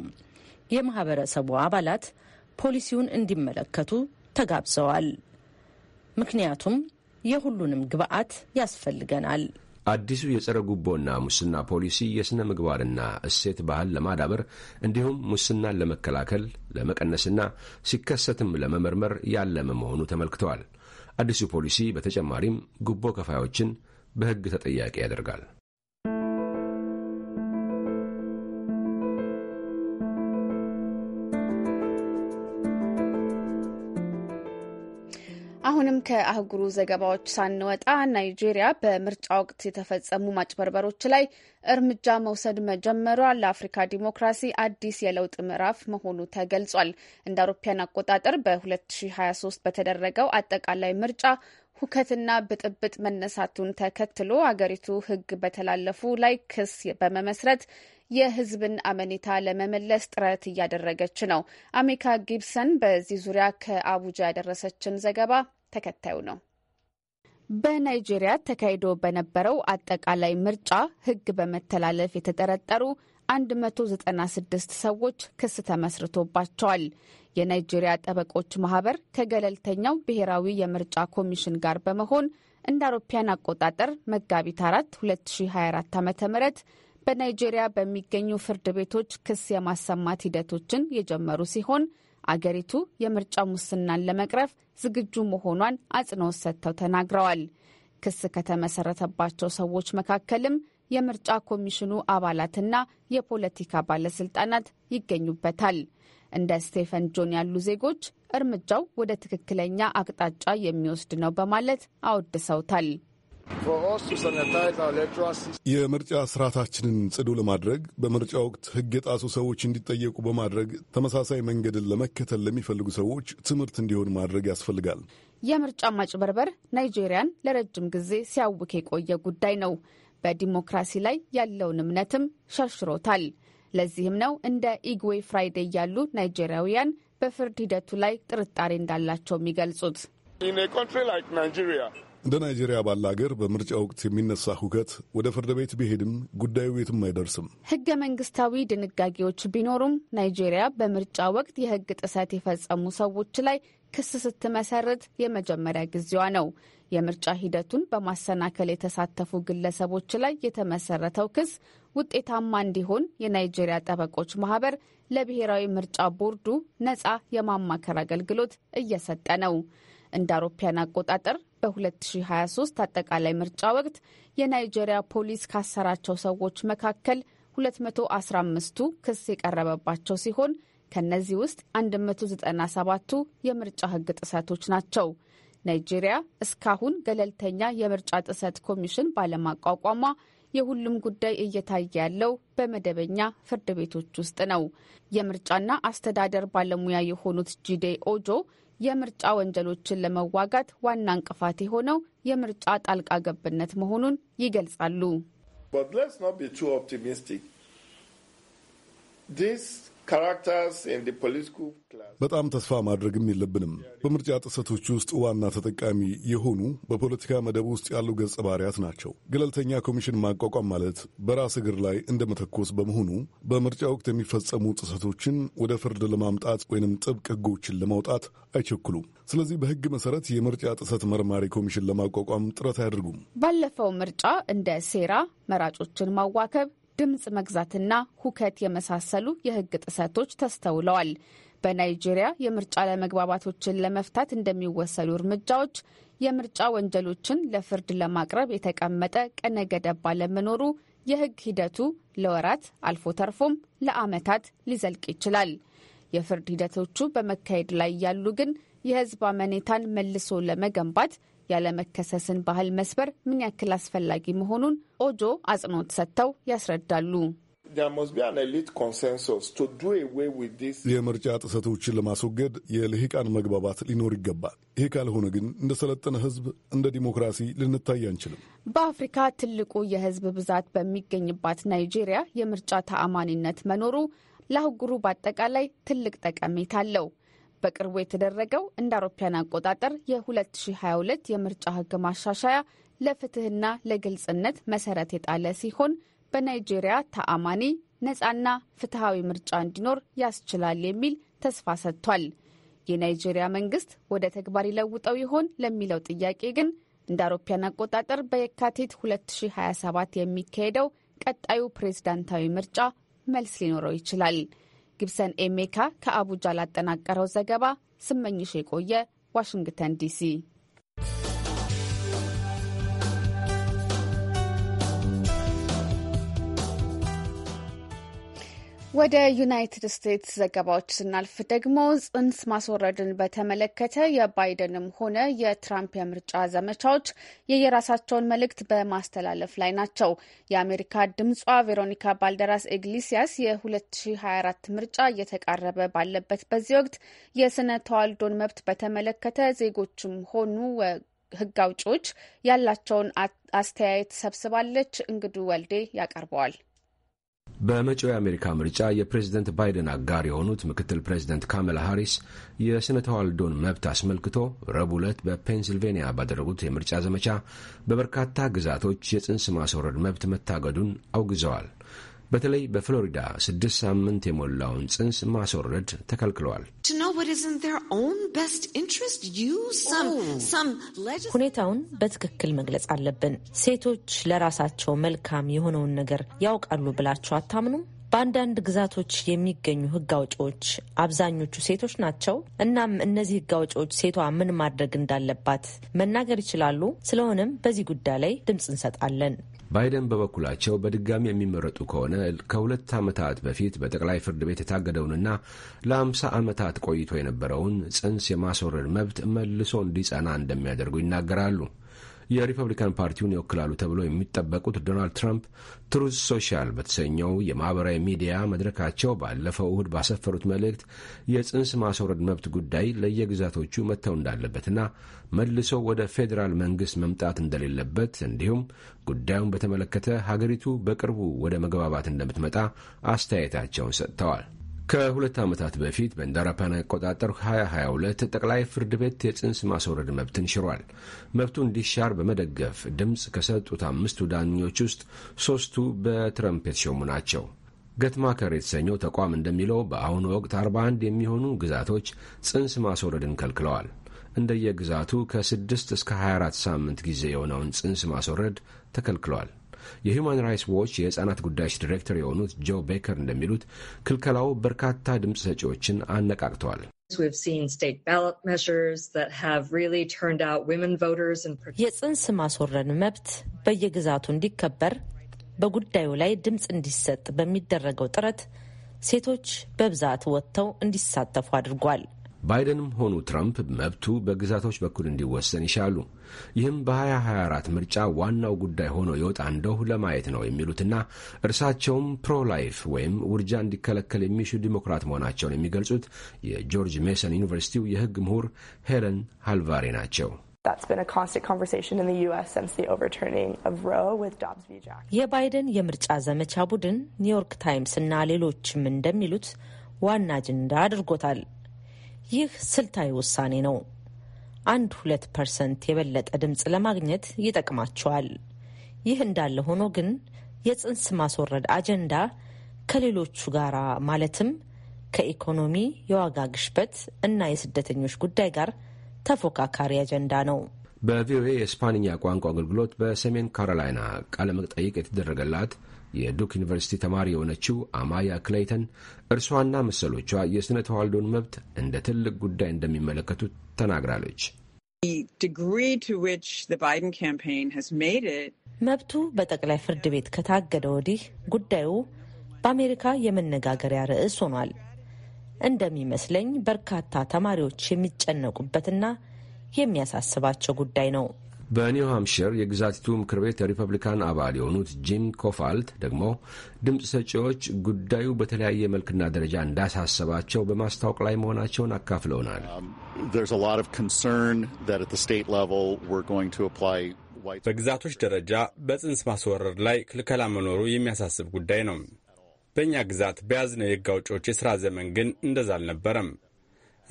የማህበረሰቡ አባላት ፖሊሲውን እንዲመለከቱ ተጋብዘዋል። ምክንያቱም የሁሉንም ግብዓት ያስፈልገናል። አዲሱ የጸረ ጉቦና ሙስና ፖሊሲ የሥነ ምግባርና እሴት ባህል ለማዳበር እንዲሁም ሙስናን ለመከላከል ለመቀነስና ሲከሰትም ለመመርመር ያለመ መሆኑ ተመልክተዋል። አዲሱ ፖሊሲ በተጨማሪም ጉቦ ከፋዮችን በሕግ ተጠያቂ ያደርጋል። ከአህጉሩ ዘገባዎች ሳንወጣ ናይጄሪያ በምርጫ ወቅት የተፈጸሙ ማጭበርበሮች ላይ እርምጃ መውሰድ መጀመሯ ለአፍሪካ ዲሞክራሲ አዲስ የለውጥ ምዕራፍ መሆኑ ተገልጿል። እንደ አውሮፓውያን አቆጣጠር በ2023 በተደረገው አጠቃላይ ምርጫ ሁከትና ብጥብጥ መነሳቱን ተከትሎ አገሪቱ ሕግ በተላለፉ ላይ ክስ በመመስረት የህዝብን አመኔታ ለመመለስ ጥረት እያደረገች ነው። አሜሪካ ጊብሰን በዚህ ዙሪያ ከአቡጃ ያደረሰችን ዘገባ ተከታዩ ነው። በናይጄሪያ ተካሂዶ በነበረው አጠቃላይ ምርጫ ሕግ በመተላለፍ የተጠረጠሩ 196 ሰዎች ክስ ተመስርቶባቸዋል። የናይጄሪያ ጠበቆች ማህበር ከገለልተኛው ብሔራዊ የምርጫ ኮሚሽን ጋር በመሆን እንደ አውሮፓያን አቆጣጠር መጋቢት 4 2024 ዓ ም በናይጄሪያ በሚገኙ ፍርድ ቤቶች ክስ የማሰማት ሂደቶችን የጀመሩ ሲሆን አገሪቱ የምርጫ ሙስናን ለመቅረፍ ዝግጁ መሆኗን አጽንኦት ሰጥተው ተናግረዋል። ክስ ከተመሰረተባቸው ሰዎች መካከልም የምርጫ ኮሚሽኑ አባላትና የፖለቲካ ባለስልጣናት ይገኙበታል። እንደ ስቴፈን ጆን ያሉ ዜጎች እርምጃው ወደ ትክክለኛ አቅጣጫ የሚወስድ ነው በማለት አወድሰውታል። የምርጫ ስርዓታችንን ጽዱ ለማድረግ በምርጫ ወቅት ሕግ የጣሱ ሰዎች እንዲጠየቁ በማድረግ ተመሳሳይ መንገድን ለመከተል ለሚፈልጉ ሰዎች ትምህርት እንዲሆን ማድረግ ያስፈልጋል። የምርጫ ማጭበርበር ናይጄሪያን ለረጅም ጊዜ ሲያውክ የቆየ ጉዳይ ነው። በዲሞክራሲ ላይ ያለውን እምነትም ሸርሽሮታል። ለዚህም ነው እንደ ኢግዌ ፍራይዴ ያሉ ናይጄሪያውያን በፍርድ ሂደቱ ላይ ጥርጣሬ እንዳላቸው የሚገልጹት። እንደ ናይጄሪያ ባለ ሀገር በምርጫ ወቅት የሚነሳ ሁከት ወደ ፍርድ ቤት ቢሄድም ጉዳዩ የትም አይደርስም። ህገ መንግስታዊ ድንጋጌዎች ቢኖሩም ናይጄሪያ በምርጫ ወቅት የህግ ጥሰት የፈጸሙ ሰዎች ላይ ክስ ስትመሰርት የመጀመሪያ ጊዜዋ ነው። የምርጫ ሂደቱን በማሰናከል የተሳተፉ ግለሰቦች ላይ የተመሰረተው ክስ ውጤታማ እንዲሆን የናይጄሪያ ጠበቆች ማህበር ለብሔራዊ ምርጫ ቦርዱ ነጻ የማማከር አገልግሎት እየሰጠ ነው። እንደ አውሮፓያን አቆጣጠር በ2023 አጠቃላይ ምርጫ ወቅት የናይጄሪያ ፖሊስ ካሰራቸው ሰዎች መካከል 215ቱ ክስ የቀረበባቸው ሲሆን ከነዚህ ውስጥ 197ቱ የምርጫ ሕግ ጥሰቶች ናቸው። ናይጄሪያ እስካሁን ገለልተኛ የምርጫ ጥሰት ኮሚሽን ባለማቋቋሟ የሁሉም ጉዳይ እየታየ ያለው በመደበኛ ፍርድ ቤቶች ውስጥ ነው። የምርጫና አስተዳደር ባለሙያ የሆኑት ጂዴ ኦጆ የምርጫ ወንጀሎችን ለመዋጋት ዋና እንቅፋት የሆነው የምርጫ ጣልቃ ገብነት መሆኑን ይገልጻሉ። በጣም ተስፋ ማድረግም የለብንም። በምርጫ ጥሰቶች ውስጥ ዋና ተጠቃሚ የሆኑ በፖለቲካ መደብ ውስጥ ያሉ ገጸ ባህርያት ናቸው። ገለልተኛ ኮሚሽን ማቋቋም ማለት በራስ እግር ላይ እንደ መተኮስ በመሆኑ በምርጫ ወቅት የሚፈጸሙ ጥሰቶችን ወደ ፍርድ ለማምጣት ወይንም ጥብቅ ሕጎችን ለማውጣት አይቸኩሉም። ስለዚህ በሕግ መሰረት የምርጫ ጥሰት መርማሪ ኮሚሽን ለማቋቋም ጥረት አያደርጉም። ባለፈው ምርጫ እንደ ሴራ መራጮችን ማዋከብ ድምፅ መግዛትና ሁከት የመሳሰሉ የህግ ጥሰቶች ተስተውለዋል። በናይጄሪያ የምርጫ ለመግባባቶችን ለመፍታት እንደሚወሰዱ እርምጃዎች የምርጫ ወንጀሎችን ለፍርድ ለማቅረብ የተቀመጠ ቀነ ገደብ ባለመኖሩ የህግ ሂደቱ ለወራት አልፎ ተርፎም ለዓመታት ሊዘልቅ ይችላል። የፍርድ ሂደቶቹ በመካሄድ ላይ ያሉ ግን የህዝብ አመኔታን መልሶ ለመገንባት ያለመከሰስን ባህል መስበር ምን ያክል አስፈላጊ መሆኑን ኦጆ አጽንኦት ሰጥተው ያስረዳሉ። የምርጫ ጥሰቶችን ለማስወገድ የልሂቃን መግባባት ሊኖር ይገባል። ይህ ካልሆነ ግን እንደ ሰለጠነ ሕዝብ እንደ ዲሞክራሲ ልንታይ አንችልም። በአፍሪካ ትልቁ የሕዝብ ብዛት በሚገኝባት ናይጄሪያ የምርጫ ተአማኒነት መኖሩ ለአህጉሩ በአጠቃላይ ትልቅ ጠቀሜታ አለው። በቅርቡ የተደረገው እንደ አውሮፓውያን አቆጣጠር የ2022 የምርጫ ሕግ ማሻሻያ ለፍትህና ለግልጽነት መሰረት የጣለ ሲሆን በናይጄሪያ ተአማኒ ነፃና ፍትሐዊ ምርጫ እንዲኖር ያስችላል የሚል ተስፋ ሰጥቷል። የናይጄሪያ መንግስት ወደ ተግባር ይለውጠው ይሆን ለሚለው ጥያቄ ግን እንደ አውሮፓውያን አቆጣጠር በየካቲት 2027 የሚካሄደው ቀጣዩ ፕሬዝዳንታዊ ምርጫ መልስ ሊኖረው ይችላል። ጊብሰን ኤሜካ ከአቡጃ ላጠናቀረው ዘገባ ስመኝሽ የቆየ ዋሽንግተን ዲሲ ወደ ዩናይትድ ስቴትስ ዘገባዎች ስናልፍ ደግሞ ጽንስ ማስወረድን በተመለከተ የባይደንም ሆነ የትራምፕ የምርጫ ዘመቻዎች የየራሳቸውን መልእክት በማስተላለፍ ላይ ናቸው። የአሜሪካ ድምጿ ቬሮኒካ ባልደራስ ኤግሊሲያስ የ2024 ምርጫ እየተቃረበ ባለበት በዚህ ወቅት የስነ ተዋልዶን መብት በተመለከተ ዜጎችም ሆኑ ህግ አውጪዎች ያላቸውን አስተያየት ሰብስባለች። እንግዱ ወልዴ ያቀርበዋል። በመጪው የአሜሪካ ምርጫ የፕሬዝደንት ባይደን አጋር የሆኑት ምክትል ፕሬዝደንት ካመላ ሃሪስ የስነተዋልዶን ተዋልዶን መብት አስመልክቶ ረቡዕ ዕለት በፔንስልቬንያ ባደረጉት የምርጫ ዘመቻ በበርካታ ግዛቶች የጽንስ ማስወረድ መብት መታገዱን አውግዘዋል። በተለይ በፍሎሪዳ ስድስት ሳምንት የሞላውን ጽንስ ማስወረድ ተከልክለዋል። oh. ሁኔታውን በትክክል መግለጽ አለብን። ሴቶች ለራሳቸው መልካም የሆነውን ነገር ያውቃሉ ብላችሁ አታምኑም? በአንዳንድ ግዛቶች የሚገኙ ህግ አውጪዎች አብዛኞቹ ሴቶች ናቸው። እናም እነዚህ ህግ አውጪዎች ሴቷ ምን ማድረግ እንዳለባት መናገር ይችላሉ። ስለሆነም በዚህ ጉዳይ ላይ ድምፅ እንሰጣለን። ባይደን በበኩላቸው በድጋሚ የሚመረጡ ከሆነ ከሁለት ዓመታት በፊት በጠቅላይ ፍርድ ቤት የታገደውንና ለአምሳ ዓመታት ቆይቶ የነበረውን ጽንስ የማስወረድ መብት መልሶ እንዲጸና እንደሚያደርጉ ይናገራሉ። የሪፐብሊካን ፓርቲውን ይወክላሉ ተብሎ የሚጠበቁት ዶናልድ ትራምፕ ትሩዝ ሶሻል በተሰኘው የማኅበራዊ ሚዲያ መድረካቸው ባለፈው እሁድ ባሰፈሩት መልእክት የጽንስ ማስወረድ መብት ጉዳይ ለየግዛቶቹ መተው እንዳለበትና መልሶ ወደ ፌዴራል መንግሥት መምጣት እንደሌለበት እንዲሁም ጉዳዩን በተመለከተ ሀገሪቱ በቅርቡ ወደ መግባባት እንደምትመጣ አስተያየታቸውን ሰጥተዋል። ከሁለት ዓመታት በፊት በእንደ አውሮፓውያን አቆጣጠር 2022 ጠቅላይ ፍርድ ቤት የጽንስ ማስወረድ መብትን ሽሯል። መብቱ እንዲሻር በመደገፍ ድምፅ ከሰጡት አምስቱ ዳኞች ውስጥ ሦስቱ በትረምፕ የተሾሙ ናቸው። ገትማከር የተሰኘው ተቋም እንደሚለው በአሁኑ ወቅት 41 የሚሆኑ ግዛቶች ጽንስ ማስወረድን ከልክለዋል። እንደየግዛቱ ከ6 እስከ 24 ሳምንት ጊዜ የሆነውን ጽንስ ማስወረድ ተከልክሏል። የሁማን ራይትስ ዎች የሕፃናት ጉዳዮች ዲሬክተር የሆኑት ጆ ቤከር እንደሚሉት ክልከላው በርካታ ድምፅ ሰጪዎችን አነቃቅተዋል። የጽንስ ማስወረድ መብት በየግዛቱ እንዲከበር በጉዳዩ ላይ ድምፅ እንዲሰጥ በሚደረገው ጥረት ሴቶች በብዛት ወጥተው እንዲሳተፉ አድርጓል። ባይደንም ሆኑ ትራምፕ መብቱ በግዛቶች በኩል እንዲወሰን ይሻሉ። ይህም በ2024 ምርጫ ዋናው ጉዳይ ሆኖ የወጣ እንደው ለማየት ነው የሚሉትና እርሳቸውም ፕሮላይፍ ወይም ውርጃ እንዲከለከል የሚሹ ዲሞክራት መሆናቸውን የሚገልጹት የጆርጅ ሜሰን ዩኒቨርሲቲው የሕግ ምሁር ሄለን ሃልቫሬ ናቸው። የባይደን የምርጫ ዘመቻ ቡድን ኒውዮርክ ታይምስ እና ሌሎችም እንደሚሉት ዋና አጀንዳ አድርጎታል። ይህ ስልታዊ ውሳኔ ነው። አንድ ሁለት ፐርሰንት የበለጠ ድምፅ ለማግኘት ይጠቅማቸዋል። ይህ እንዳለ ሆኖ ግን የጽንስ ማስወረድ አጀንዳ ከሌሎቹ ጋር ማለትም ከኢኮኖሚ፣ የዋጋ ግሽበት እና የስደተኞች ጉዳይ ጋር ተፎካካሪ አጀንዳ ነው። በቪኦኤ የስፓንኛ ቋንቋ አገልግሎት በሰሜን ካሮላይና ቃለ መጠይቅ የተደረገላት የዱክ ዩኒቨርሲቲ ተማሪ የሆነችው አማያ ክሌይተን እርሷና መሰሎቿ የሥነ ተዋልዶን መብት እንደ ትልቅ ጉዳይ እንደሚመለከቱት ተናግራለች። መብቱ በጠቅላይ ፍርድ ቤት ከታገደ ወዲህ ጉዳዩ በአሜሪካ የመነጋገሪያ ርዕስ ሆኗል። እንደሚመስለኝ በርካታ ተማሪዎች የሚጨነቁበትና የሚያሳስባቸው ጉዳይ ነው። በኒው ሃምፕሽር የግዛቲቱ ምክር ቤት ሪፐብሊካን አባል የሆኑት ጂም ኮፋልት ደግሞ ድምፅ ሰጪዎች ጉዳዩ በተለያየ መልክና ደረጃ እንዳሳሰባቸው በማስታወቅ ላይ መሆናቸውን አካፍለውናል። um, በግዛቶች ደረጃ በጽንስ ማስወረድ ላይ ክልከላ መኖሩ የሚያሳስብ ጉዳይ ነው። በእኛ ግዛት በያዝነው የሕግ አውጪዎች የሥራ ዘመን ግን እንደዛ አልነበረም።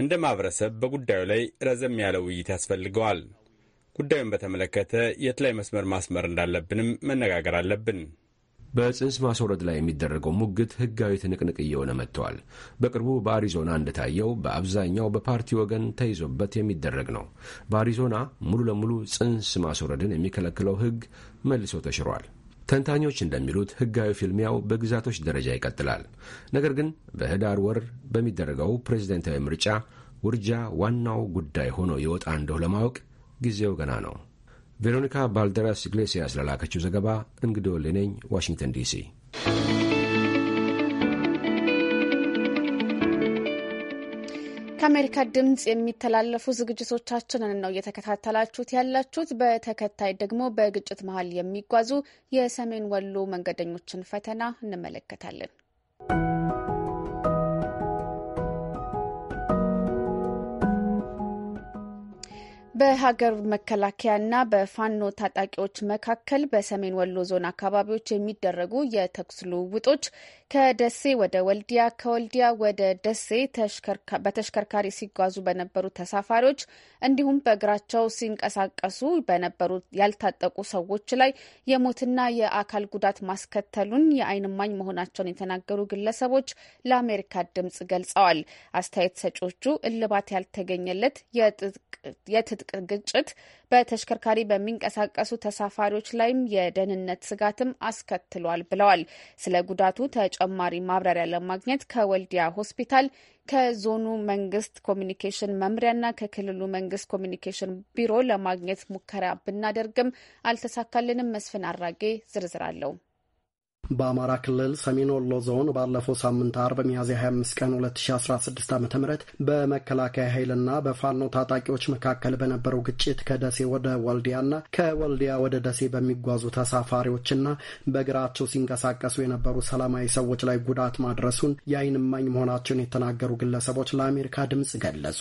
እንደ ማኅበረሰብ በጉዳዩ ላይ ረዘም ያለ ውይይት ያስፈልገዋል። ጉዳዩን በተመለከተ የት ላይ መስመር ማስመር እንዳለብንም መነጋገር አለብን። በጽንስ ማስወረድ ላይ የሚደረገው ሙግት ሕጋዊ ትንቅንቅ እየሆነ መጥተዋል። በቅርቡ በአሪዞና እንደታየው በአብዛኛው በፓርቲ ወገን ተይዞበት የሚደረግ ነው። በአሪዞና ሙሉ ለሙሉ ጽንስ ማስወረድን የሚከለክለው ሕግ መልሶ ተሽሯል። ተንታኞች እንደሚሉት ሕጋዊ ፊልሚያው በግዛቶች ደረጃ ይቀጥላል። ነገር ግን በህዳር ወር በሚደረገው ፕሬዝደንታዊ ምርጫ ውርጃ ዋናው ጉዳይ ሆኖ ይወጣ እንደው ለማወቅ ጊዜው ገና ነው። ቬሮኒካ ባልደራስ ኢግሌሲያስ ለላከችው ዘገባ እንግዶ ሌነኝ ዋሽንግተን ዲሲ። ከአሜሪካ ድምጽ የሚተላለፉ ዝግጅቶቻችንን ነው እየተከታተላችሁት ያላችሁት። በተከታይ ደግሞ በግጭት መሀል የሚጓዙ የሰሜን ወሎ መንገደኞችን ፈተና እንመለከታለን። በሀገር መከላከያና በፋኖ ታጣቂዎች መካከል በሰሜን ወሎ ዞን አካባቢዎች የሚደረጉ የተኩስ ልውውጦች ከደሴ ወደ ወልዲያ፣ ከወልዲያ ወደ ደሴ በተሽከርካሪ ሲጓዙ በነበሩ ተሳፋሪዎች እንዲሁም በእግራቸው ሲንቀሳቀሱ በነበሩ ያልታጠቁ ሰዎች ላይ የሞትና የአካል ጉዳት ማስከተሉን የአይንማኝ መሆናቸውን የተናገሩ ግለሰቦች ለአሜሪካ ድምጽ ገልጸዋል። አስተያየት ሰጪዎቹ እልባት ያልተገኘለት የትጥቅ የትጥቅ ግጭት በተሽከርካሪ በሚንቀሳቀሱ ተሳፋሪዎች ላይም የደህንነት ስጋትም አስከትሏል ብለዋል። ስለ ጉዳቱ ተጨማሪ ማብራሪያ ለማግኘት ከወልዲያ ሆስፒታል ከዞኑ መንግስት ኮሚኒኬሽን መምሪያና ከክልሉ መንግስት ኮሚኒኬሽን ቢሮ ለማግኘት ሙከራ ብናደርግም አልተሳካልንም። መስፍን አራጌ ዝርዝር አለው። በአማራ ክልል ሰሜን ወሎ ዞን ባለፈው ሳምንት አርብ ሚያዝያ 25 ቀን 2016 ዓ ም በመከላከያ ኃይልና በፋኖ ታጣቂዎች መካከል በነበረው ግጭት ከደሴ ወደ ወልዲያና ከወልዲያ ወደ ደሴ በሚጓዙ ተሳፋሪዎችና በእግራቸው ሲንቀሳቀሱ የነበሩ ሰላማዊ ሰዎች ላይ ጉዳት ማድረሱን የአይንማኝ እማኝ መሆናቸውን የተናገሩ ግለሰቦች ለአሜሪካ ድምፅ ገለጹ።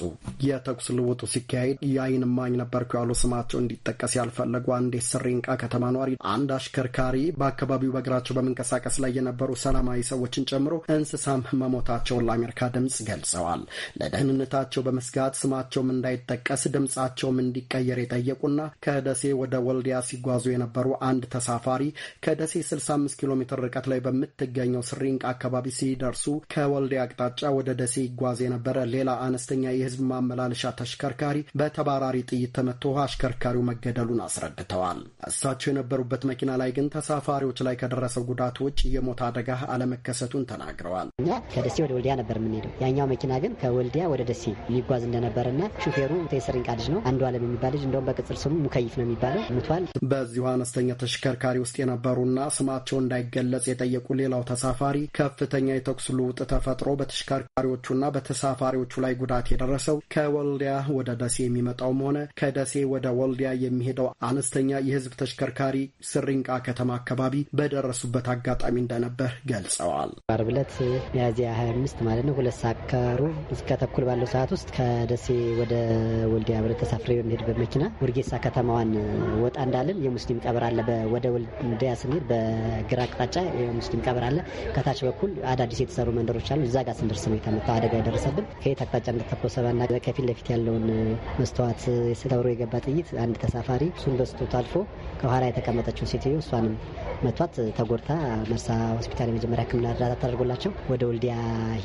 የተኩስ ልውጡ ሲካሄድ የአይንማኝ እማኝ ነበርኩ ያሉ ስማቸው እንዲጠቀስ ያልፈለጉ አንድ የስሪንቃ ከተማ ኗሪ አንድ አሽከርካሪ በአካባቢው በእግራቸው በምን በመንቀሳቀስ ላይ የነበሩ ሰላማዊ ሰዎችን ጨምሮ እንስሳም መሞታቸውን ለአሜሪካ ድምፅ ገልጸዋል። ለደህንነታቸው በመስጋት ስማቸውም እንዳይጠቀስ ድምፃቸውም እንዲቀየር የጠየቁና ከደሴ ወደ ወልዲያ ሲጓዙ የነበሩ አንድ ተሳፋሪ ከደሴ 65 ኪሎ ሜትር ርቀት ላይ በምትገኘው ስሪንቅ አካባቢ ሲደርሱ ከወልዲያ አቅጣጫ ወደ ደሴ ይጓዝ የነበረ ሌላ አነስተኛ የህዝብ ማመላለሻ ተሽከርካሪ በተባራሪ ጥይት ተመቶ አሽከርካሪው መገደሉን አስረድተዋል። እሳቸው የነበሩበት መኪና ላይ ግን ተሳፋሪዎች ላይ ከደረሰው ጉ ከመጎዳት ውጭ የሞት አደጋ አለመከሰቱን ተናግረዋል። እኛ ከደሴ ወደ ወልዲያ ነበር የምንሄደው። ያኛው መኪና ግን ከወልዲያ ወደ ደሴ የሚጓዝ እንደነበርና ሹፌሩ ቴስርንቃ ልጅ ነው አንዱ አለም የሚባል ልጅ እንደውም በቅጽል ስሙ ሙከይፍ ነው የሚባለው ሙቷል። በዚሁ አነስተኛ ተሽከርካሪ ውስጥ የነበሩና ስማቸው እንዳይገለጽ የጠየቁ ሌላው ተሳፋሪ ከፍተኛ የተኩስ ልውጥ ተፈጥሮ በተሽከርካሪዎቹና በተሳፋሪዎቹ ላይ ጉዳት የደረሰው ከወልዲያ ወደ ደሴ የሚመጣውም ሆነ ከደሴ ወደ ወልዲያ የሚሄደው አነስተኛ የህዝብ ተሽከርካሪ ስሪንቃ ከተማ አካባቢ በደረሱበት አጋጣሚ እንደነበር ገልጸዋል። አርብ ዕለት ሚያዝያ 25 ማለት ነው ሁለት ሰዓት ከሩብ እስከ ተኩል ባለው ሰዓት ውስጥ ከደሴ ወደ ወልዲያ ብረት ተሳፍሬ በሚሄድ በመኪና ውርጌሳ ከተማዋን ወጣ እንዳለን የሙስሊም ቀብር አለ። ወደ ወልዲያ ስንሄድ በግራ አቅጣጫ የሙስሊም ቀብር አለ። ከታች በኩል አዳዲስ የተሰሩ መንደሮች አሉ። እዛ ጋር ስንደርስ ነው የተመታው አደጋ የደረሰብን። ከየት አቅጣጫ እንደተኮሰበና ከፊት ለፊት ያለውን መስተዋት ሰብሮ የገባ ጥይት አንድ ተሳፋሪ እሱን በስቶት አልፎ ከኋላ የተቀመጠችው ሴትዮ እሷንም መቷት ተጎድታ መርሳ ሆስፒታል የመጀመሪያ ሕክምና እርዳታ ተደርጎላቸው ወደ ወልዲያ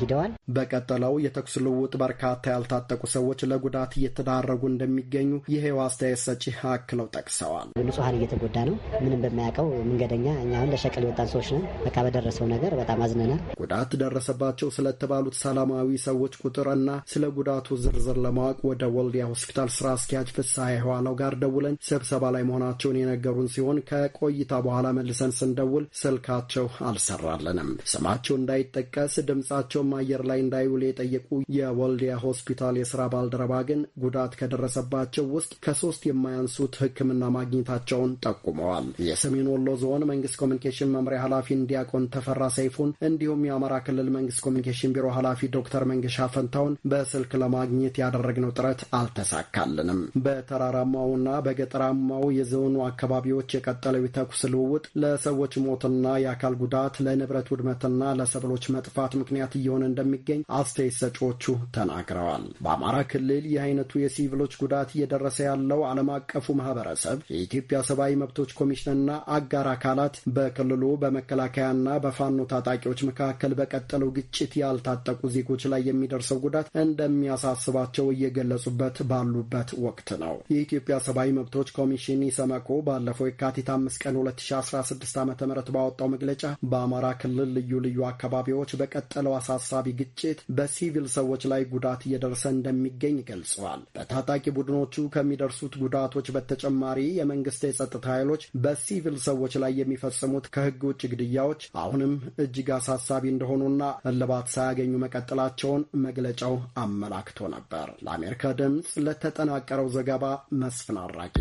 ሂደዋል። በቀጠለው የተኩስ ልውውጥ በርካታ ያልታጠቁ ሰዎች ለጉዳት እየተዳረጉ እንደሚገኙ ይሄው አስተያየት ሰጪ አክለው ጠቅሰዋል። ንጹሐን እየተጎዳ ነው። ምንም በማያውቀው መንገደኛ እኛ አሁን ለሸቀል የወጣን ሰዎች ነን። በቃ በደረሰው ነገር በጣም አዝነናል። ጉዳት ደረሰባቸው ስለተባሉት ሰላማዊ ሰዎች ቁጥር እና ስለ ጉዳቱ ዝርዝር ለማወቅ ወደ ወልዲያ ሆስፒታል ስራ አስኪያጅ ፍሳሐ የኋላው ጋር ደውለን ስብሰባ ላይ መሆናቸውን የነገሩን ሲሆን ከቆይታ በኋላ መልሰን ስንደውል ስልክ ታሪካቸው አልሰራለንም። ስማቸው እንዳይጠቀስ ድምፃቸውም አየር ላይ እንዳይውል የጠየቁ የወልዲያ ሆስፒታል የስራ ባልደረባ ግን ጉዳት ከደረሰባቸው ውስጥ ከሶስት የማያንሱት ሕክምና ማግኘታቸውን ጠቁመዋል። የሰሜን ወሎ ዞን መንግስት ኮሚኒኬሽን መምሪያ ኃላፊ እንዲያቆን ተፈራ ሰይፉን እንዲሁም የአማራ ክልል መንግስት ኮሚኒኬሽን ቢሮ ኃላፊ ዶክተር መንገሻ ፈንታውን በስልክ ለማግኘት ያደረግነው ጥረት አልተሳካልንም። በተራራማውና በገጠራማው የዞኑ አካባቢዎች የቀጠለው የተኩስ ልውውጥ ለሰዎች ሞትና የአካል ጉዳት ለንብረት ውድመትና ለሰብሎች መጥፋት ምክንያት እየሆነ እንደሚገኝ አስተያየት ሰጪዎቹ ተናግረዋል። በአማራ ክልል ይህ አይነቱ የሲቪሎች ጉዳት እየደረሰ ያለው ዓለም አቀፉ ማህበረሰብ፣ የኢትዮጵያ ሰብአዊ መብቶች ኮሚሽንና አጋር አካላት በክልሉ በመከላከያና በፋኖ ታጣቂዎች መካከል በቀጠለው ግጭት ያልታጠቁ ዜጎች ላይ የሚደርሰው ጉዳት እንደሚያሳስባቸው እየገለጹበት ባሉበት ወቅት ነው። የኢትዮጵያ ሰብአዊ መብቶች ኮሚሽን ኢሰመኮ ባለፈው የካቲት አምስት ቀን 2016 ዓ ም ባወጣው ባወጣው መግለጫ በአማራ ክልል ልዩ ልዩ አካባቢዎች በቀጠለው አሳሳቢ ግጭት በሲቪል ሰዎች ላይ ጉዳት እየደረሰ እንደሚገኝ ገልጸዋል። በታጣቂ ቡድኖቹ ከሚደርሱት ጉዳቶች በተጨማሪ የመንግስት የጸጥታ ኃይሎች በሲቪል ሰዎች ላይ የሚፈጽሙት ከህግ ውጭ ግድያዎች አሁንም እጅግ አሳሳቢ እንደሆኑና እልባት ሳያገኙ መቀጠላቸውን መግለጫው አመላክቶ ነበር። ለአሜሪካ ድምፅ ለተጠናቀረው ዘገባ መስፍን አራቂ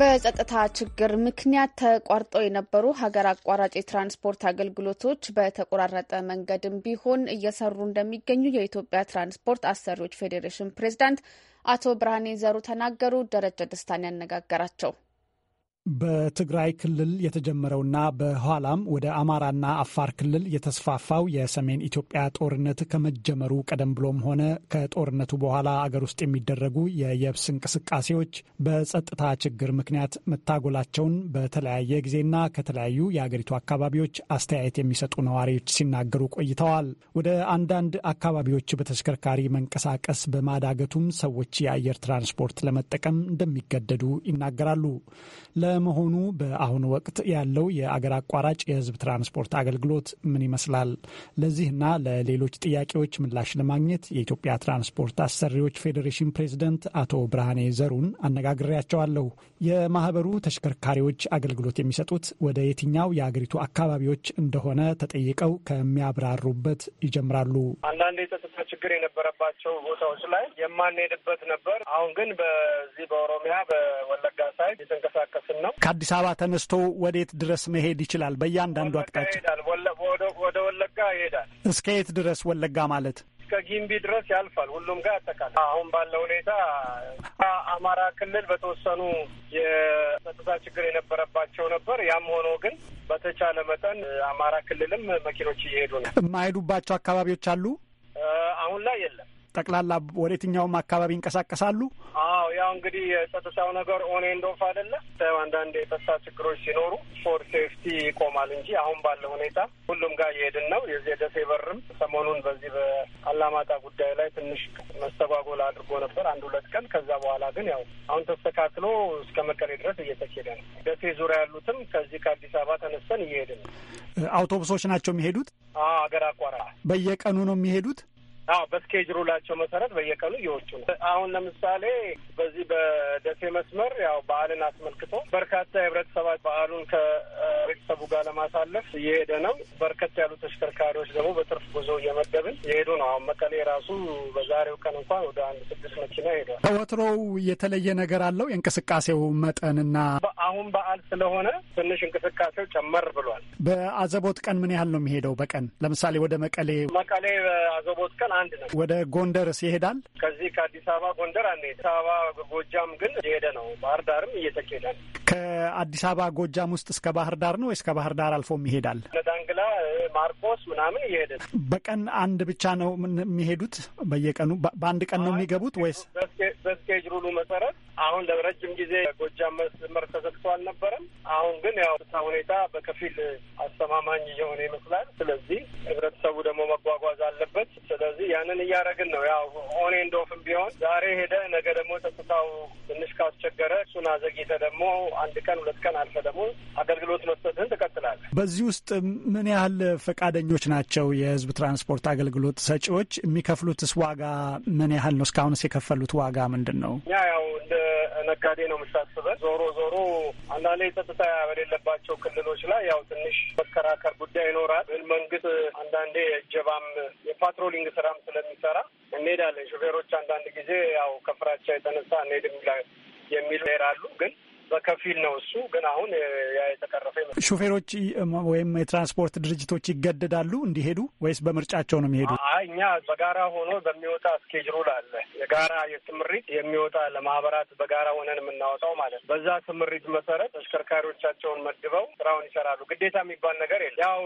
በጸጥታ ችግር ምክንያት ተቋርጠው የነበሩ ሀገር አቋራጭ የትራንስፖርት አገልግሎቶች በተቆራረጠ መንገድም ቢሆን እየሰሩ እንደሚገኙ የኢትዮጵያ ትራንስፖርት አሰሪዎች ፌዴሬሽን ፕሬዚዳንት አቶ ብርሃኔ ዘሩ ተናገሩ። ደረጀ ደስታን ያነጋገራቸው በትግራይ ክልል የተጀመረውና በኋላም ወደ አማራና አፋር ክልል የተስፋፋው የሰሜን ኢትዮጵያ ጦርነት ከመጀመሩ ቀደም ብሎም ሆነ ከጦርነቱ በኋላ አገር ውስጥ የሚደረጉ የየብስ እንቅስቃሴዎች በጸጥታ ችግር ምክንያት መታጎላቸውን በተለያየ ጊዜና ከተለያዩ የአገሪቱ አካባቢዎች አስተያየት የሚሰጡ ነዋሪዎች ሲናገሩ ቆይተዋል። ወደ አንዳንድ አካባቢዎች በተሽከርካሪ መንቀሳቀስ በማዳገቱም ሰዎች የአየር ትራንስፖርት ለመጠቀም እንደሚገደዱ ይናገራሉ። ለመሆኑ በአሁኑ ወቅት ያለው የአገር አቋራጭ የህዝብ ትራንስፖርት አገልግሎት ምን ይመስላል? ለዚህና ለሌሎች ጥያቄዎች ምላሽ ለማግኘት የኢትዮጵያ ትራንስፖርት አሰሪዎች ፌዴሬሽን ፕሬዝደንት አቶ ብርሃኔ ዘሩን አነጋግሬያቸዋለሁ። የማህበሩ ተሽከርካሪዎች አገልግሎት የሚሰጡት ወደ የትኛው የአገሪቱ አካባቢዎች እንደሆነ ተጠይቀው ከሚያብራሩበት ይጀምራሉ። አንዳንድ የጸጥታ ችግር የነበረባቸው ቦታዎች ላይ የማንሄድበት ነበር። አሁን ግን በዚህ በኦሮሚያ በወለጋ ሳይድ የተንቀሳቀስን ነው። ከአዲስ አበባ ተነስቶ ወዴት ድረስ መሄድ ይችላል? በእያንዳንዱ አቅጣጫ ወደ ወለጋ ይሄዳል። እስከ የት ድረስ ወለጋ ማለት ከጊምቢ ድረስ ያልፋል። ሁሉም ጋር ያጠቃል። አሁን ባለው ሁኔታ አማራ ክልል በተወሰኑ የጸጥታ ችግር የነበረባቸው ነበር። ያም ሆኖ ግን በተቻለ መጠን አማራ ክልልም መኪኖች እየሄዱ ነው። የማይሄዱባቸው አካባቢዎች አሉ። አሁን ላይ የለም። ጠቅላላ ወደ የትኛውም አካባቢ ይንቀሳቀሳሉ? አዎ ያው እንግዲህ የጸጥታው ነገር ኦኔ ኤንድ ኦፍ አይደለ። አንዳንድ የጸጥታ ችግሮች ሲኖሩ ፎር ሴፍቲ ይቆማል እንጂ አሁን ባለ ሁኔታ ሁሉም ጋር እየሄድን ነው። የዚህ ደሴ በርም ሰሞኑን በዚህ በአላማጣ ጉዳይ ላይ ትንሽ መስተጓጎል አድርጎ ነበር አንድ ሁለት ቀን። ከዛ በኋላ ግን ያው አሁን ተስተካክሎ እስከ መቀሌ ድረስ እየተኬደ ነው። ደሴ ዙሪያ ያሉትም ከዚህ ከአዲስ አበባ ተነስተን እየሄድን ነው። አውቶቡሶች ናቸው የሚሄዱት። አገር አቋራ በየቀኑ ነው የሚሄዱት። አዎ ሩላቸው መሰረት በየቀኑ እየወጡ ነው። አሁን ለምሳሌ በዚህ በደሴ መስመር ያው በዓልን አስመልክቶ በርካታ የህብረተሰባት በዓሉን ከቤተሰቡ ጋር ለማሳለፍ እየሄደ ነው። በርከት ያሉ ተሽከርካሪዎች ደግሞ በትርፍ ጉዞ እየመደብን የሄዱ ነው። አሁን መቀሌ ራሱ በዛሬው ቀን እንኳን ወደ አንድ ስድስት መኪና ሄዷል። ከወትሮው የተለየ ነገር አለው የእንቅስቃሴው መጠንና አሁን በዓል ስለሆነ ትንሽ እንቅስቃሴው ጨመር ብሏል። በአዘቦት ቀን ምን ያህል ነው የሚሄደው በቀን ለምሳሌ ወደ መቀሌ መቀሌ በአዘቦት ቀን ቀን አንድ ነው። ወደ ጎንደርስ ይሄዳል? ከዚህ ከአዲስ አበባ ጎንደር አንሄድ። አዲስ አበባ ጎጃም ግን እየሄደ ነው። ባህር ዳርም እየተኬደ ነው። ከአዲስ አበባ ጎጃም ውስጥ እስከ ባህር ዳር ነው ወይስ ከባህር ዳር አልፎም ይሄዳል? ዳንግላ፣ ማርቆስ ምናምን እየሄደ ነው። በቀን አንድ ብቻ ነው የሚሄዱት? በየቀኑ በአንድ ቀን ነው የሚገቡት ወይስ ሩሉ መሰረት አሁን ለረጅም ጊዜ ጎጃም መስመር ተዘግቶ አልነበረም። አሁን ግን ያው ሁኔታ በከፊል አስተማማኝ እየሆነ ይመስላል። ስለዚህ ህብረተሰቡ ደግሞ መጓጓዝ አለበት። ስለዚህ ያንን እያደረግን ነው። ያው ኦኔ እንዶፍም ቢሆን ዛሬ ሄደ ነገ ደግሞ ጸጥታው ትንሽ ካስቸገረ እሱን አዘግይተህ ደግሞ አንድ ቀን ሁለት ቀን አልፈ ደግሞ አገልግሎት መስጠትን ትቀጥላለህ። በዚህ ውስጥ ምን ያህል ፈቃደኞች ናቸው የህዝብ ትራንስፖርት አገልግሎት ሰጪዎች? የሚከፍሉትስ ዋጋ ምን ያህል ነው? እስካሁንስ የከፈሉት ዋጋ ምንድን ነው? እኛ ያው እንደ ነጋዴ ነው የምታስበን። ዞሮ ዞሮ አንዳንዴ ጸጥታ በሌለባቸው ክልሎች ላይ ያው ትንሽ መከራከር ጉዳይ ይኖራል። መንግስት አንዳንዴ እጀባም የፓትሮሊንግ ስራም ስለሚሰራ እንሄዳለን። ሹፌሮች አንዳንድ ጊዜ ያው ከፍራቻ የተነሳ እንሄድም የሚሉ ሄራሉ ግን በከፊል ነው እሱ ግን አሁን የተቀረፈ ሹፌሮች ወይም የትራንስፖርት ድርጅቶች ይገደዳሉ እንዲሄዱ ወይስ በምርጫቸው ነው የሚሄዱ? እኛ በጋራ ሆኖ በሚወጣ ስኬጅሩል አለ የጋራ የስምሪት የሚወጣ ለማህበራት በጋራ ሆነን የምናወጣው ማለት ነው። በዛ ስምሪት መሰረት ተሽከርካሪዎቻቸውን መድበው ስራውን ይሰራሉ። ግዴታ የሚባል ነገር የለም። ያው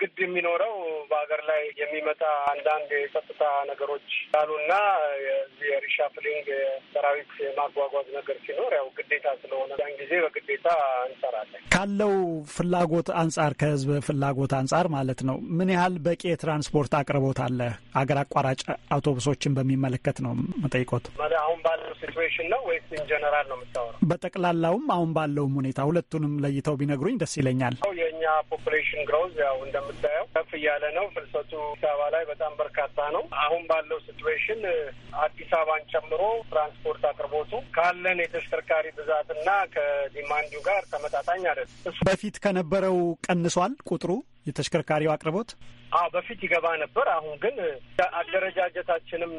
ግድ የሚኖረው በሀገር ላይ የሚመጣ አንዳንድ የጸጥታ ነገሮች አሉና የሪሻፍሊንግ ሰራዊት የማጓጓዝ ነገር ሲኖር ያው ግዴታ ስለሆነ ባለን ጊዜ በግዴታ እንሰራለን። ካለው ፍላጎት አንጻር ከህዝብ ፍላጎት አንጻር ማለት ነው። ምን ያህል በቂ የትራንስፖርት አቅርቦት አለ? አገር አቋራጭ አውቶቡሶችን በሚመለከት ነው መጠይቆት። አሁን ባለው ሲትዌሽን ነው ወይስ ኢንጀነራል ነው የምታወራው? በጠቅላላውም አሁን ባለውም ሁኔታ ሁለቱንም ለይተው ቢነግሩኝ ደስ ይለኛል። የእኛ ፖፕሌሽን ግሮዝ ያው እንደምታየው ከፍ እያለ ነው። ፍልሰቱ አዲስ አበባ ላይ በጣም በርካታ ነው። አሁን ባለው ሲትዌሽን አዲስ አበባን ጨምሮ ትራንስፖርት አቅርቦቱ ካለን የተሽከርካሪ ብዛትና ከ ከዲማንዱ ጋር ተመጣጣኝ አይደለም። በፊት ከነበረው ቀንሷል ቁጥሩ የተሽከርካሪው አቅርቦት። አዎ በፊት ይገባ ነበር። አሁን ግን አደረጃጀታችንም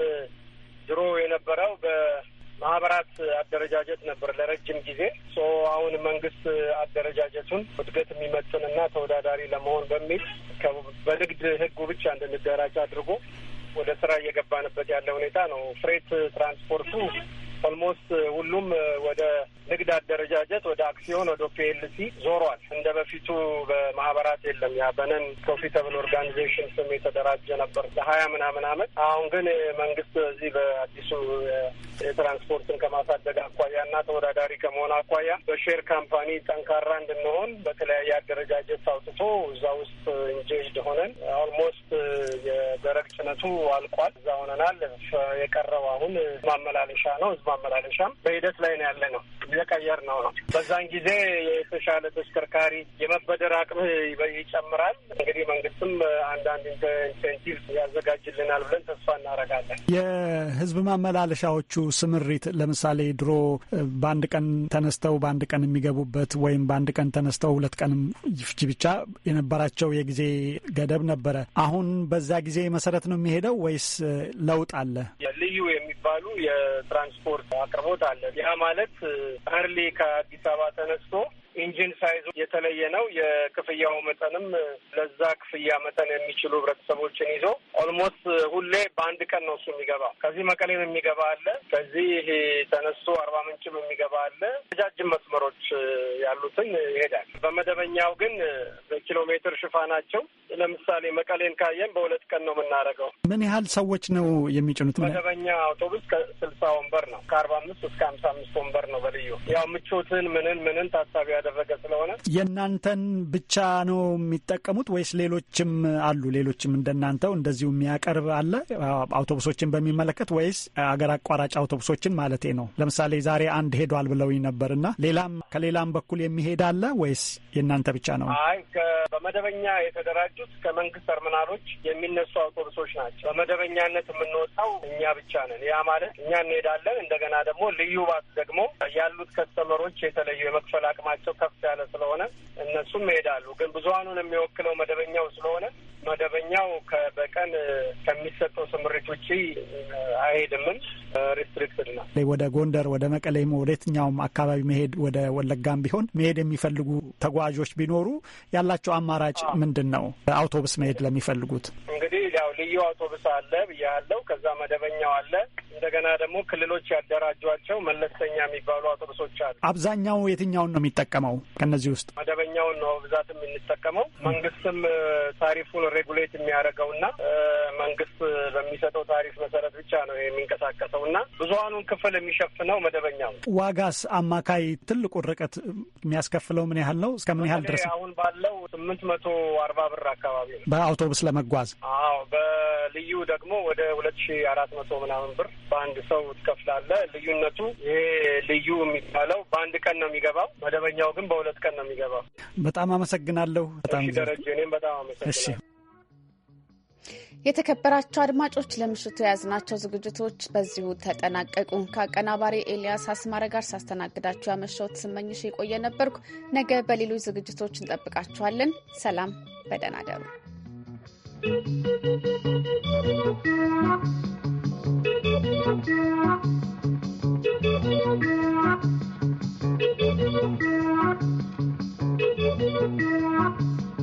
ድሮ የነበረው በማህበራት አደረጃጀት ነበር ለረጅም ጊዜ። አሁን መንግስት አደረጃጀቱን እድገት የሚመጥንና ተወዳዳሪ ለመሆን በሚል በንግድ ህጉ ብቻ እንድንደራጅ አድርጎ ወደ ስራ እየገባንበት ያለ ሁኔታ ነው። ፍሬት ትራንስፖርቱ ኦልሞስት ሁሉም ወደ ንግድ አደረጃጀት ወደ አክሲዮን ወደ ፒኤልሲ ዞሯል። እንደ በፊቱ በማህበራት የለም። ያ በነን ፕሮፊታብል ኦርጋኒዜሽን ስም የተደራጀ ነበር ለሀያ ምናምን አመት። አሁን ግን መንግስት በዚህ በአዲሱ የትራንስፖርትን ከማሳደግ አኳያና ተወዳዳሪ ከመሆን አኳያ በሼር ካምፓኒ ጠንካራ እንድንሆን በተለያየ አደረጃጀት አውጥቶ እዛ ውስጥ ኢንጌጅድ ሆነን ኦልሞስት የደረግ ጭነቱ አልቋል። እዛ ሆነናል። የቀረው አሁን ማመላለሻ ነው። ማመላለሻም በሂደት ላይ ነው ያለ ነው። የቀየር ነው ነው። በዛን ጊዜ የተሻለ ተሽከርካሪ የመበደር አቅም ይጨምራል። እንግዲህ መንግስትም አንዳንድ ኢንሴንቲቭ ያዘጋጅልናል ብለን ተስፋ እናደርጋለን። የህዝብ ማመላለሻዎቹ ስምሪት ለምሳሌ ድሮ በአንድ ቀን ተነስተው በአንድ ቀን የሚገቡበት ወይም በአንድ ቀን ተነስተው ሁለት ቀንም ይፍጅ ብቻ የነበራቸው የጊዜ ገደብ ነበረ። አሁን በዛ ጊዜ መሰረት ነው የሚሄደው ወይስ ለውጥ አለ? ልዩ የሚባሉ የትራንስፖርት አቅርቦት አለ። ያ ማለት አርሌ ከአዲስ አበባ ተነስቶ ኢንጂን ሳይዙ የተለየ ነው። የክፍያው መጠንም ለዛ ክፍያ መጠን የሚችሉ ህብረተሰቦችን ይዞ ኦልሞስት ሁሌ በአንድ ቀን ነው እሱ የሚገባ። ከዚህ መቀሌም የሚገባ አለ፣ ከዚህ ተነስቶ አርባ ምንጭም የሚገባ አለ። ረጃጅም መስመሮች ያሉትን ይሄዳል። በመደበኛው ግን በኪሎ ሜትር ሽፋናቸው ለምሳሌ መቀሌን ካየን በሁለት ቀን ነው የምናደርገው። ምን ያህል ሰዎች ነው የሚጭኑት? መደበኛ አውቶቡስ ከስልሳ ወንበር ነው፣ ከአርባ አምስት እስከ ሀምሳ አምስት ወንበር ነው። በልዩ ያው ምቾትን ምንን ምንን ታሳቢያ ያደረገ ስለሆነ የእናንተን ብቻ ነው የሚጠቀሙት ወይስ ሌሎችም አሉ? ሌሎችም እንደናንተው እንደዚሁ የሚያቀርብ አለ? አውቶቡሶችን በሚመለከት ወይስ አገር አቋራጭ አውቶቡሶችን ማለቴ ነው። ለምሳሌ ዛሬ አንድ ሄዷል ብለውኝ እና ሌላም ከሌላም በኩል የሚሄድ አለ ወይስ የእናንተ ብቻ ነው? አይ በመደበኛ የተደራጁት ከመንግስት ተርሚናሎች የሚነሱ አውቶቡሶች ናቸው። በመደበኛነት የምንወጣው እኛ ብቻ ነን። ያ ማለት እኛ እንሄዳለን። እንደገና ደግሞ ልዩ ባስ ደግሞ ያሉት ከስተመሮች የተለዩ የመክፈል አቅማቸው ቁጥራቸው ከፍ ያለ ስለሆነ እነሱም ይሄዳሉ። ግን ብዙሀኑን የሚወክለው መደበኛው ስለሆነ መደበኛው በቀን ከሚሰጠው ስምሪት ውጪ አይሄድምም። ሪስትሪክትድ ነው። ወደ ጎንደር፣ ወደ መቀሌም፣ ወደ የትኛውም አካባቢ መሄድ ወደ ወለጋም ቢሆን መሄድ የሚፈልጉ ተጓዦች ቢኖሩ ያላቸው አማራጭ ምንድን ነው? አውቶቡስ መሄድ ለሚፈልጉት እንግዲህ ያው ልዩ አውቶቡስ አለ ብያለው። ከዛ መደበኛው አለ። እንደገና ደግሞ ክልሎች ያደራጇቸው መለስተኛ የሚባሉ አውቶቡሶች አሉ። አብዛኛው የትኛውን ነው የሚጠቀመው? ከነዚህ ውስጥ መደበኛውን ነው ብዛት የምንጠቀመው። መንግስትም ታሪፉን ሬጉሌት የሚያደርገው እና መንግስት በሚሰጠው ታሪፍ መሰረት ብቻ ነው የሚንቀሳቀሰው እና ብዙሀኑን ክፍል የሚሸፍነው መደበኛው። ዋጋስ አማካይ ትልቁን ርቀት የሚያስከፍለው ምን ያህል ነው? እስከ ምን ያህል ድረስ? አሁን ባለው ስምንት መቶ አርባ ብር አካባቢ ነው በአውቶቡስ ለመጓዝ። አዎ በልዩ ደግሞ ወደ ሁለት ሺ አራት መቶ ምናምን ብር በአንድ ሰው ትከፍላለህ። ልዩነቱ ይሄ ልዩ የሚባለው በአንድ ቀን ነው የሚገባው፣ መደበኛው ግን በሁለት ቀን ነው የሚገባው። በጣም አመሰግናለሁ። በጣም ደረጀ፣ እኔም በጣም አመሰግናለሁ። የተከበራቸው አድማጮች ለምሽቱ የያዝናቸው ዝግጅቶች በዚሁ ተጠናቀቁ። ከአቀናባሪ ኤልያስ አስማረ ጋር ሳስተናግዳችሁ ያመሸሁት ስመኝሽ የቆየ ነበርኩ። ነገ በሌሎች ዝግጅቶች እንጠብቃችኋለን። ሰላም፣ በደህና ደሩ። Thank you.